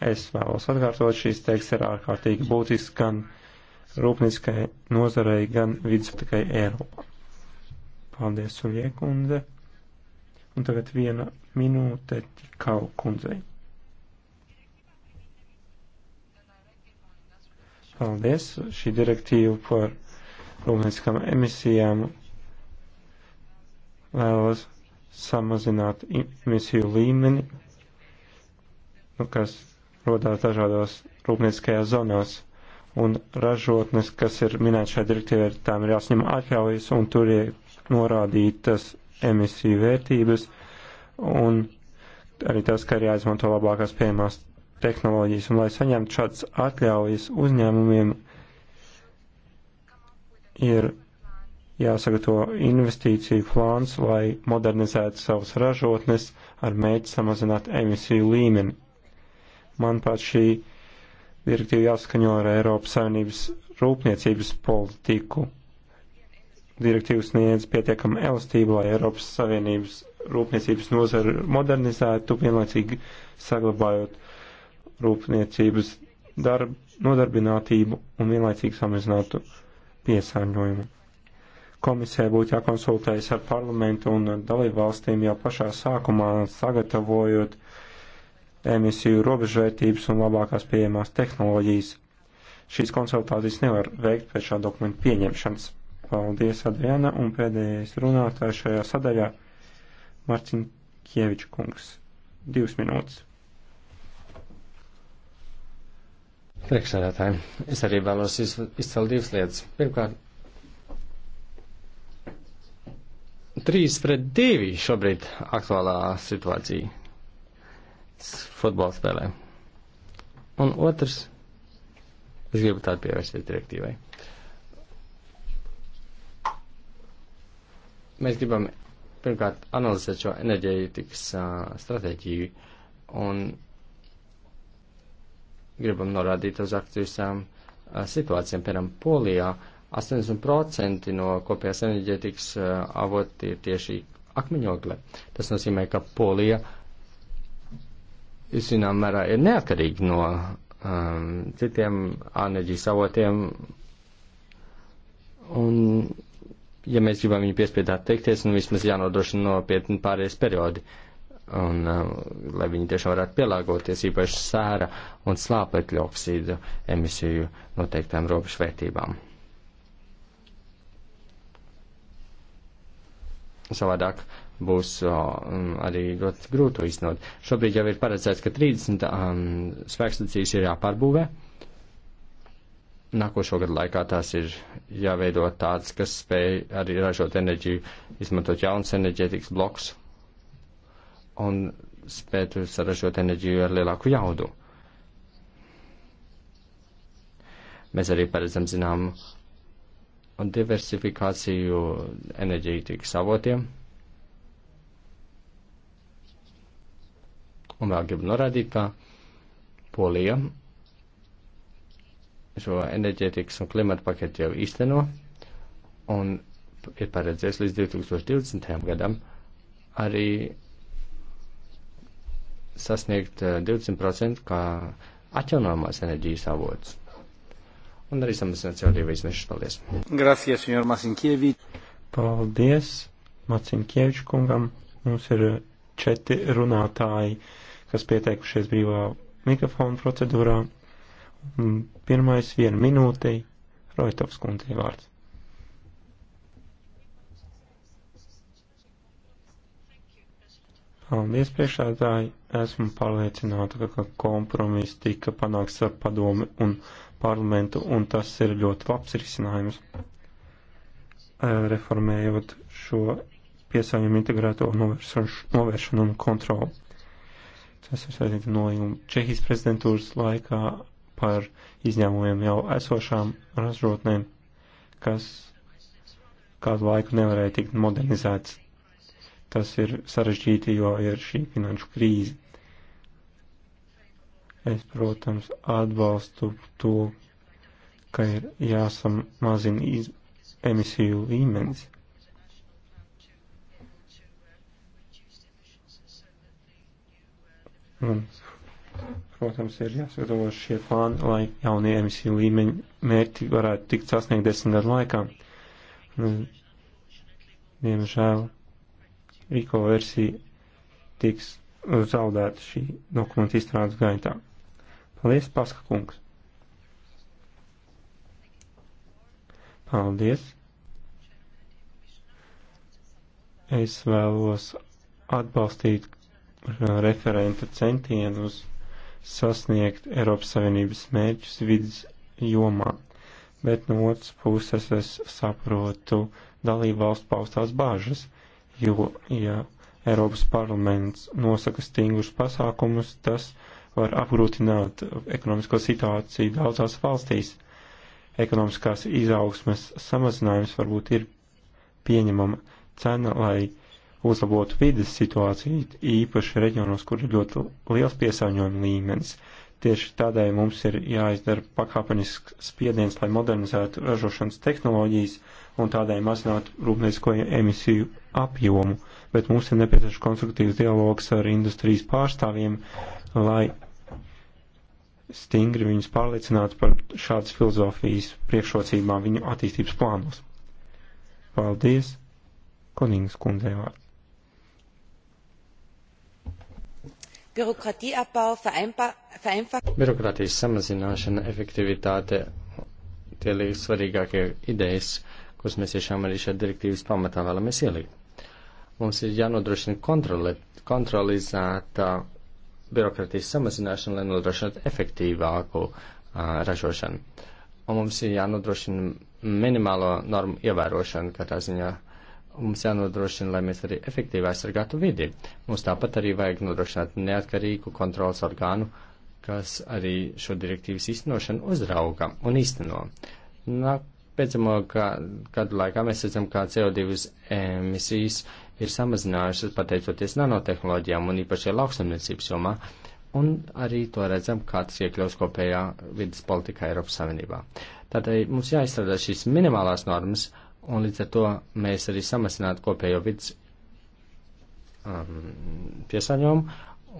Es vēlos atkārtot, šīs teiks ir ārkārtīgi būtisks gan rūpniskai nozarei, gan viduspakai Eiropā. Paldies, Uljē kundze. Un tagad viena minūte tikau kundzei. Paldies. Šī direktīva par rūpnieciskām emisijām vēlas samazināt emisiju līmeni, nu, kas rodās dažādās rūpnieciskajās zonās. Un ražotnes, kas ir minēts šajā direktīvā, tām ir jāsņem atļaujas, un tur ir norādītas emisiju vērtības, un arī tas, ka ir jāizmanto labākās pieejamās tehnoloģijas, un lai saņemtu šādas atļaujas uzņēmumiem ir jāsagatavo investīciju plāns, lai modernizētu savas ražotnes ar mēģi samazināt emisiju līmeni. Manuprāt, šī direktīva jāskaņo ar Eiropas Savienības rūpniecības politiku. Direktīva sniedz pietiekama elastība, lai Eiropas Savienības rūpniecības nozara modernizētu, vienlaicīgi saglabājot uh, rūpniecības darbu, nodarbinātību un vienlaicīgi samazinātu piesārņojumu. Komisijai būtu jākonsultējas ar parlamentu un dalību valstīm jau pašā sākumā sagatavojot emisiju robežvērtības un labākās pieejamās tehnoloģijas. Šīs konsultācijas nevar veikt pēc šā dokumenta pieņemšanas. Paldies, Adriana, un pēdējais runātājs šajā sadaļā - Marcin Kieviča kungs. Divas minūtes. Priekšsēdētāji, es arī vēlos izcelt divas lietas. Pirmkārt, trīs pret divi šobrīd aktuālā situācija futbola spēlē. Un otrs, es gribu tādu pievērsties direktīvai. Mēs gribam pirmkārt analizēt šo enerģētikas uh, stratēģiju un gribam norādīt uz aktīvām situācijām. Piemēram, Polijā 80% no kopējās enerģētikas avoti ir tieši akmeņogle. Tas nozīmē, ka Polija, zinām, mērā ir neatkarīga no um, citiem enerģijas avotiem. Un, ja mēs gribam viņu piespiedāt teikties, nu vismaz jānodrošina nopietni pārējais periodi. Uh, un um, lai viņi tiešām varētu pielāgoties īpaši sēra un slāpekļa oksīdu emisiju noteiktām robežvērtībām. Savādāk būs uh, um, arī ļoti grūti iznot. Šobrīd jau ir paredzēts, ka 30 um, spēkstacijas ir jāpārbūvē. Nākošo gadu laikā tās ir jāveido tādas, kas spēj arī ražot enerģiju, izmantot jaunas enerģētikas blokus un spētu saražot enerģiju ar lielāku jaudu. Mēs arī paredzam zinām diversifikāciju enerģētikas avotiem. Un vēl gribu norādīt, ka Polija šo enerģētikas un klimata paketu jau īsteno un ir paredzējis līdz 2020. gadam arī sasniegt 20% eh, kā atjaunojamās enerģijas avots. Un arī samazināt CO2 izmešas. Paldies. Gracias, senor Masinkievi. Paldies, Macinkieviču kungam. Mums ir eh, četri runātāji, kas pieteikušies brīvā mikrofona procedūrā. Pirmais viena minūtei. Roitovs kundzei vārds. Paldies, priekšādāji. Esmu pārliecināta, ka kompromiss tika panāks ar padomi un parlamentu, un tas ir ļoti labs risinājums. Eh, reformējot šo piesāņojumu integrēto novēršanu un kontroli. Tas ir saistīts nolīgumu Čehijas prezidentūras laikā par izņēmumiem jau esošām ražotnēm, kas kādu laiku nevarēja tikt modernizēts Tas ir sarežģīti, jo ir šī finanšu krīze. Es, protams, atbalstu to, ka ir jāsamazina emisiju līmenis. Un, protams, ir jāsagatavo šie plāni, lai jaunie emisiju līmeņi mērķi varētu tikt sasniegt desmit gadu laikā. Un, diemžēl Rīko versija tiks zaudēta šī dokumenta izstrādes gaitā. Paldies, Paska kungs! Paldies! Es vēlos atbalstīt referenta centienus sasniegt Eiropas Savienības mērķus vidas jomā, bet no otras puses es saprotu dalību valstu paustās bāžas jo, ja Eiropas parlaments nosaka stingrus pasākumus, tas var apgrūtināt ekonomisko situāciju daudzās valstīs. Ekonomiskās izaugsmes samazinājums varbūt ir pieņemama cena, lai uzlabotu vides situāciju, īpaši reģionos, kur ir ļoti liels piesāņojuma līmenis. Tieši tādēļ mums ir jāizdara pakāpenisks spiediens, lai modernizētu ražošanas tehnoloģijas un tādēļ mazinātu rūpniecisko emisiju apjomu, bet mums ir nepieciešams konstruktīvs dialogs ar industrijas pārstāvjiem, lai stingri viņus pārliecinātu par šādas filozofijas priekšrocībām viņu attīstības plānos. Paldies! Konīgas kundzei vārds. bürokratieabbau, Vereinfachung. Birokrātijas samazināšana, efektivitāte, tie ir svarīgākie idejas, kuras mēs tiešām arī šajā direktīvas pamatā vēlamies ielikt. Mums ir jānodrošina kontrole, kontrolizēta birokrātijas samazināšana, lai nodrošinātu efektīvāku uh, ražošanu. Un mums ir jānodrošina minimālo normu ievērošanu katrā ziņā Mums jānodrošina, lai mēs arī efektīvi aizsargātu vidi. Mums tāpat arī vajag nodrošināt neatkarīgu kontrols orgānu, kas arī šo direktīvas īstenošanu uzrauga un īsteno. Nā, pēcamo gadu laikā mēs redzam, kā CO2 emisijas ir samazinājušas pateicoties nanotehnoloģijām un īpaši lauksamniecības jomā, un arī to redzam, kā tas iekļaus kopējā vidas politikā Eiropas Savienībā. Tādēļ mums jāizstrādā šīs minimālās normas, uh, Un līdz ar to mēs arī samazinātu kopējo vidas um, piesārņojumu,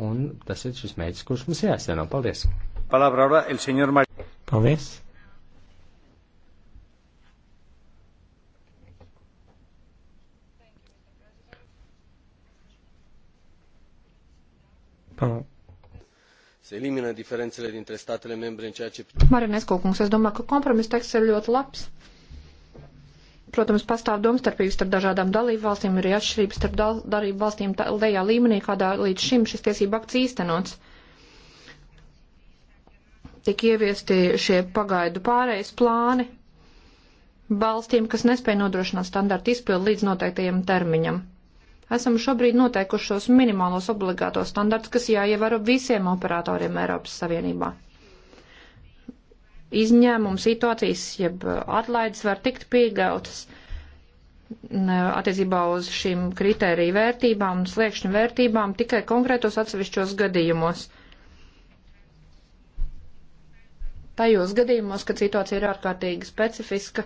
un tas ir šis mērķis, kurš mums jāizsēno. Paldies! Paldies! se elimină diferențele dintre statele membre în ceea ce. Marinescu, kungs, es domāju, ka kompromiss teksts ir ļoti labs. Protams, pastāv domstarpības starp dažādām dalību valstīm, ir arī atšķirības starp dalību valstīm tajā līmenī, kādā līdz šim šis tiesība akts īstenots. Tik ieviesti šie pagaidu pārējais plāni valstīm, kas nespēja nodrošināt standartu izpildu līdz noteiktajam termiņam. Esam šobrīd noteikušos minimālos obligātos standartus, kas jāievēro visiem operatoriem Eiropas Savienībā izņēmumu situācijas, jeb uh, atlaides var tikt pieļautas uh, attiecībā uz šīm kritēriju vērtībām un sliekšņu vērtībām tikai konkrētos atsevišķos gadījumos. Tajos gadījumos, kad situācija ir ārkārtīgi specifiska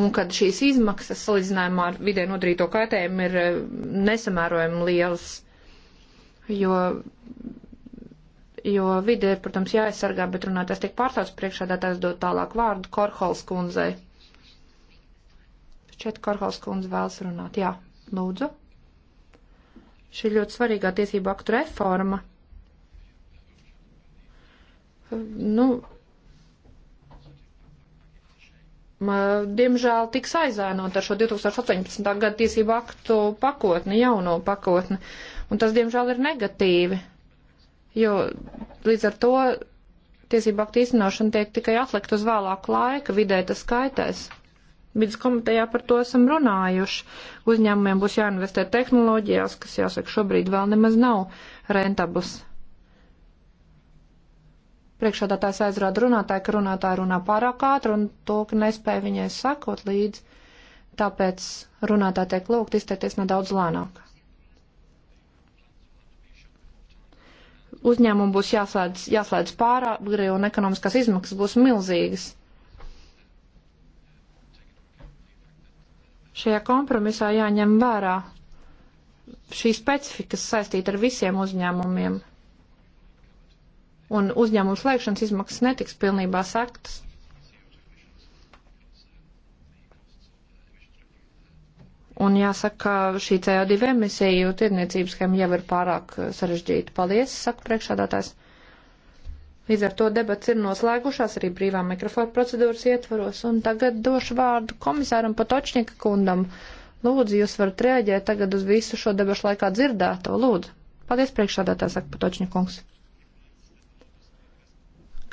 un kad šīs izmaksas salīdzinājumā ar vidē nodarīto kaitējumu ir uh, nesamērojami lielas, jo jo vide ir, protams, jāaizsargā, bet runātājs tiek pārstāvs priekšādātājs dot tālāk vārdu Korhols kundzei. Šķiet, Korhols kundze vēlas runāt. Jā, lūdzu. Šī ļoti svarīgā tiesību aktu reforma. Nu, diemžēl tiks aizēnot ar šo 2018. gada tiesību aktu pakotni, jauno pakotni, un tas, diemžēl, ir negatīvi jo līdz ar to tiesību aktu īstenošana tiek tikai atlikt uz vēlāku laiku, vidē tas skaitēs. Vidas komitejā par to esam runājuši. Uzņēmumiem būs jāinvestē tehnoloģijās, kas jāsaka šobrīd vēl nemaz nav rentablas. Priekšādātājs aizrāda runātāju, ka runātāja runā pārāk ātri un to, ka nespēja viņai sakot līdzi. Tāpēc runātā tiek lūgt izteikties nedaudz lēnāk. uzņēmumu būs jāslēdz, jāslēdz pārāgri un ekonomiskās izmaksas būs milzīgas. Šajā kompromisā jāņem vērā šī specifika saistīta ar visiem uzņēmumiem, un uzņēmumu slēgšanas izmaksas netiks pilnībā sektas. Un jāsaka, ka šī CO2 emisiju tirniecības schēma jau ir pārāk eh, sarežģīta. Paldies, saka priekšādātājs. Līdz ar to debats ir noslēgušās arī brīvā mikrofona procedūras ietvaros. Un tagad došu vārdu komisāram Patočņika kundam. Lūdzu, jūs varat rēģēt tagad uz visu šo debašu laikā dzirdēto. Lūdzu. Paldies, priekšādātājs, saka Patočņika kungs.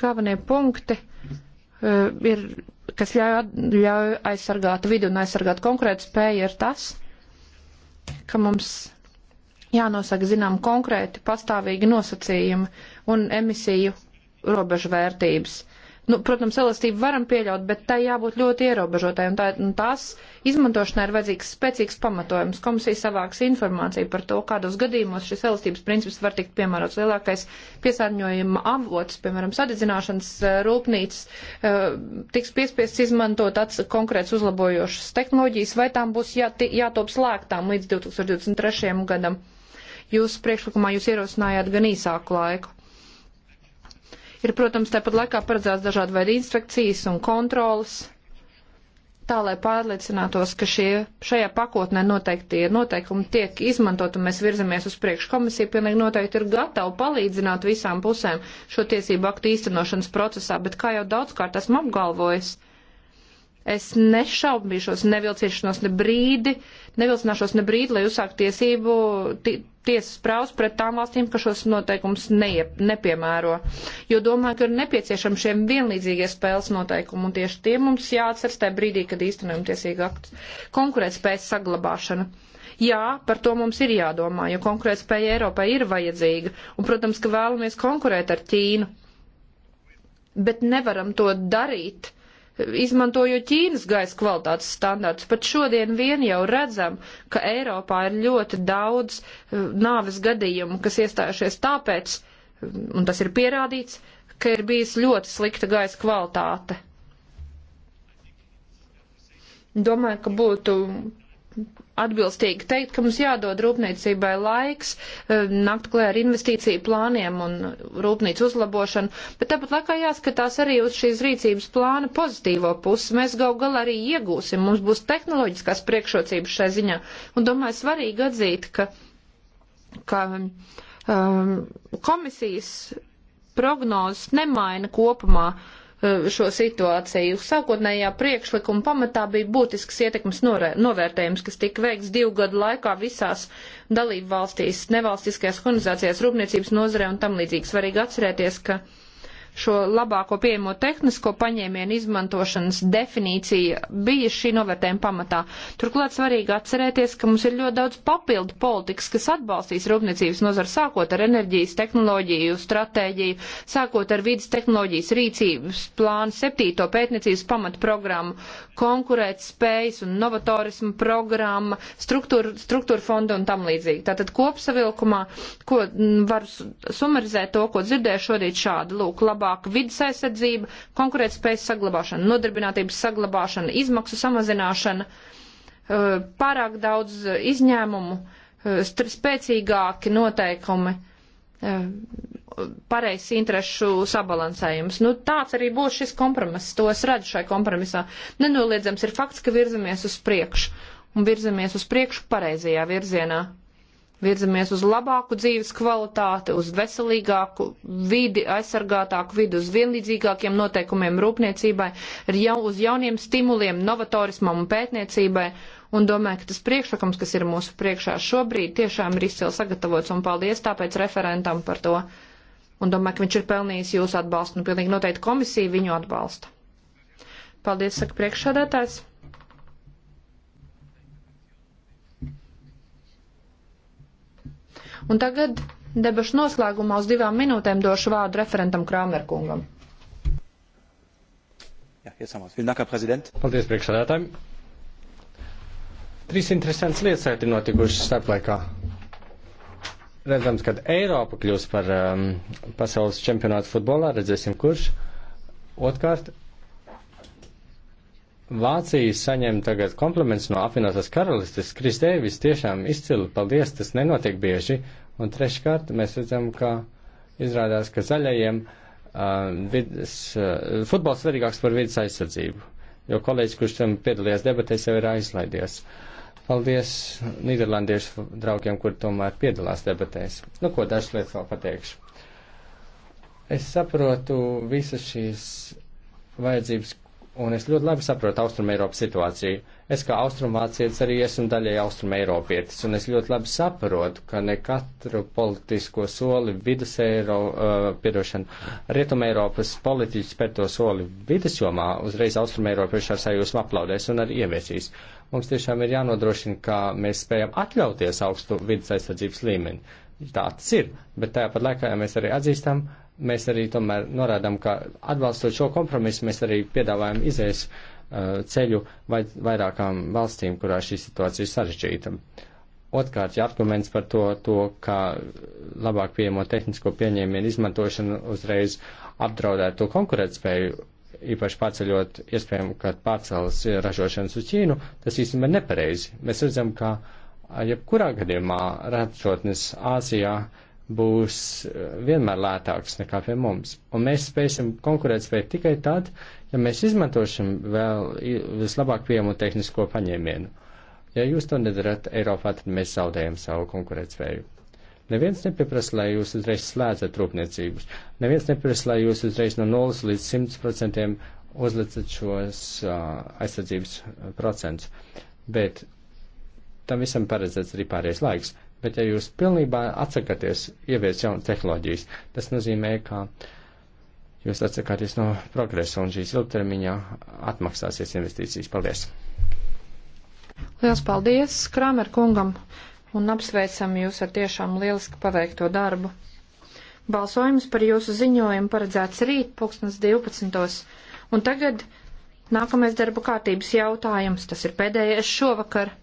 Galvenie punkti uh, ir kas ļauj, ļauj aizsargāt vidu un aizsargāt konkrētu spēju, ir tas, ka mums jānosaka zinām konkrēti pastāvīgi nosacījumi un emisiju robežu vērtības. Nu, protams, elastību varam pieļaut, bet tai jābūt ļoti ierobežotai, un, tā, un tās izmantošanai ir vajadzīgs spēcīgs pamatojums. Komisija savāks informāciju par to, kādos gadījumos šis elastības princips var tikt piemērots. Lielākais piesārņojuma avots, piemēram, sadedzināšanas eh, rūpnīcas, eh, tiks piespiests izmantot konkrēts uzlabojošas tehnoloģijas, vai tām būs jā, jātop slēgtām līdz 2023. gadam. Jūs priekšlikumā jūs ierosinājāt gan īsāku laiku Ir, protams, tāpat laikā paredzēts dažādi veidi inspekcijas un kontrolas, tā lai pārliecinātos, ka šie, šajā pakotnē noteikti noteikumi tiek izmantot un mēs virzamies uz priekšu. Komisija pilnīgi noteikti ir gatava palīdzināt visām pusēm šo tiesību aktu īstenošanas procesā, bet kā jau daudzkārt esmu apgalvojis, Es nešaubīšos, nevilcīšanos ne brīdi, nevilcināšos ne brīdi, lai uzsākt tiesību tiesas prāvs pret tām valstīm, ka šos noteikums neie, nepiemēro. Jo domāju, ka ir nepieciešami šiem vienlīdzīgie spēles noteikumi, un tieši tie mums jāatceras tajā brīdī, kad īstenojam tiesīgu aktu. Konkurētspējas saglabāšana. Jā, par to mums ir jādomā, jo konkurētspēja Eiropai ir vajadzīga, un, protams, ka vēlamies konkurēt ar Ķīnu. Bet nevaram to darīt izmantojot Ķīnas gaisa kvalitātes standartus. Pat šodien vien jau redzam, ka Eiropā ir ļoti daudz eh, nāves gadījumu, kas iestājušies tāpēc, eh, un tas ir pierādīts, ka ir bijis ļoti slikta gaisa kvalitāte. Domāju, ka būtu atbilstīgi teikt, ka mums jādod rūpniecībai laiks, eh, nakt klē ar investīciju plāniem un rūpnīcu uzlabošanu, bet tāpat laikā jāskatās arī uz šīs rīcības plāna pozitīvo pusi. Mēs gau galā arī iegūsim, mums būs tehnoloģiskās priekšrocības šai ziņā. Un domāju, svarīgi atzīt, ka, ka um, komisijas prognozes nemaina kopumā uh, Eh, šo situāciju. Sākotnējā priekšlikuma pamatā bija būtisks ietekmes novērtējums, kas tika veikts divu gadu laikā visās dalību valstīs, nevalstiskajās organizācijās, rūpniecības nozarē un tam līdzīgi. Svarīgi atcerēties, ka uh, šo labāko pieejamo tehnisko paņēmienu izmantošanas definīcija bija šī novērtējuma pamatā. Turklāt svarīgi atcerēties, ka mums ir ļoti daudz papildu politikas, kas atbalstīs rūpniecības nozaru, sākot ar enerģijas tehnoloģiju, stratēģiju, sākot ar vidas tehnoloģijas rīcības plānu, septīto pētniecības pamatu programmu, konkurēt spējas un novatorismu programmu, struktūra, struktūra fonda un tam līdzīgi. Tātad kopsavilkumā, ko var sumarizēt to, ko dzirdēju šodien šādi, lūk, labāk labāka vidas aizsardzība, konkurētspējas saglabāšana, nodarbinātības saglabāšana, izmaksu samazināšana, eh, pārāk daudz izņēmumu, eh, spēcīgāki noteikumi, eh, pareizs interešu sabalansējums. Nu, tāds arī būs šis kompromiss, to es redzu šai kompromisā. Nenoliedzams ir fakts, ka virzamies uz priekšu un virzamies uz priekšu pareizajā virzienā virzamies uz labāku dzīves kvalitāti, uz veselīgāku vidi, aizsargātāku vidi, uz vienlīdzīgākiem noteikumiem rūpniecībai, jau, uz jauniem stimuliem, novatorismam un pētniecībai. Un domāju, ka tas priekšlikums, kas ir mūsu priekšā šobrīd, tiešām ir izcili sagatavots un paldies tāpēc referentam par to. Un domāju, ka viņš ir pelnījis jūsu atbalstu un pilnīgi noteikti komisija viņu atbalsta. Paldies, saka priekšsādātājs. Un tagad debašu noslēgumā uz divām minūtēm došu vārdu referentam Krāmerkungam. Jā, iesamās. Er Vilnākā prezidenta. Paldies priekšsādātājiem. Trīs interesants lietas ir notikušas starplaikā. Redzams, kad Eiropa kļūs par um, pasaules čempionātu futbolā, redzēsim kurš. Otkārt, Vācija saņem tagad komplements no apvienotās karalistes. Kris Dēvis tiešām izcili, paldies, tas nenotiek bieži. Un treškārt mēs redzam, ka izrādās, ka zaļajiem uh, vidas, uh, futbols svarīgāks par vidas aizsardzību, jo kolēģis, kurš tam piedalījās debatēs, jau ir aizlaidies. Paldies Nīderlandiešu draugiem, kur tomēr piedalās debatēs. Nu, ko dažas lietas vēl pateikšu. Es saprotu visas šīs vajadzības, Un es ļoti labi saprotu Austrum Eiropas situāciju. Es kā austrumvācietis arī esmu daļai Austrum Eiropietis, un es ļoti labi saprotu, ka ne katru politisko soli vidus Eiro, uh, piedošana, Rietuma Eiropas politiķis spēr to soli vidus jomā, uzreiz Austrum Eiropieši ar sajūsmu aplaudēs un arī ieviesīs. Mums tiešām ir jānodrošina, ka mēs spējam atļauties augstu vidus aizsardzības līmeni. Tā tas ir, bet tāpat laikā ja mēs arī atzīstam, uh, mēs arī tomēr norādām, ka atbalstot šo kompromisu, mēs arī piedāvājam izējas uh, ceļu vai, vairākām valstīm, kurā šī situācija ir sarežģīta. Otkārt, ja arguments par to, to, ka labāk pieejamo tehnisko pieņēmienu izmantošana uzreiz apdraudētu to konkurētspēju, īpaši pārceļot iespējami, ka pārcels ražošanas uz Ķīnu, tas īstenībā ir nepareizi. Mēs redzam, ka jebkurā gadījumā ražotnes Āzijā uh, būs eh, vienmēr lētāks nekā pie mums. Un mēs spēsim konkurēt spēt tikai tad, ja mēs izmantošam vēl vislabāk pieejamu tehnisko paņēmienu. Ja jūs to nedarat Eiropā, tad mēs zaudējam savu konkurētspēju. Neviens nepieprasa, lai jūs uzreiz slēdzat rūpniecības. Neviens nepieprasa, lai jūs uzreiz no 0 līdz 100% uzlicat šos uh, aizsardzības procentus. Bet tam visam paredzēts arī pārējais laiks. Bet ja jūs pilnībā atsakaties ievies jaunas tehnoloģijas, tas nozīmē, ka jūs atsakāties no progresa un šīs ilgtermiņā atmaksāsies investīcijas. Paldies! Liels paldies Kramer kungam un apsveicam jūs ar tiešām lieliski paveikto darbu. Balsojums par jūsu ziņojumu paredzēts rīt, pulkstens 12. Un tagad nākamais darba kārtības jautājums, tas ir pēdējais šovakar.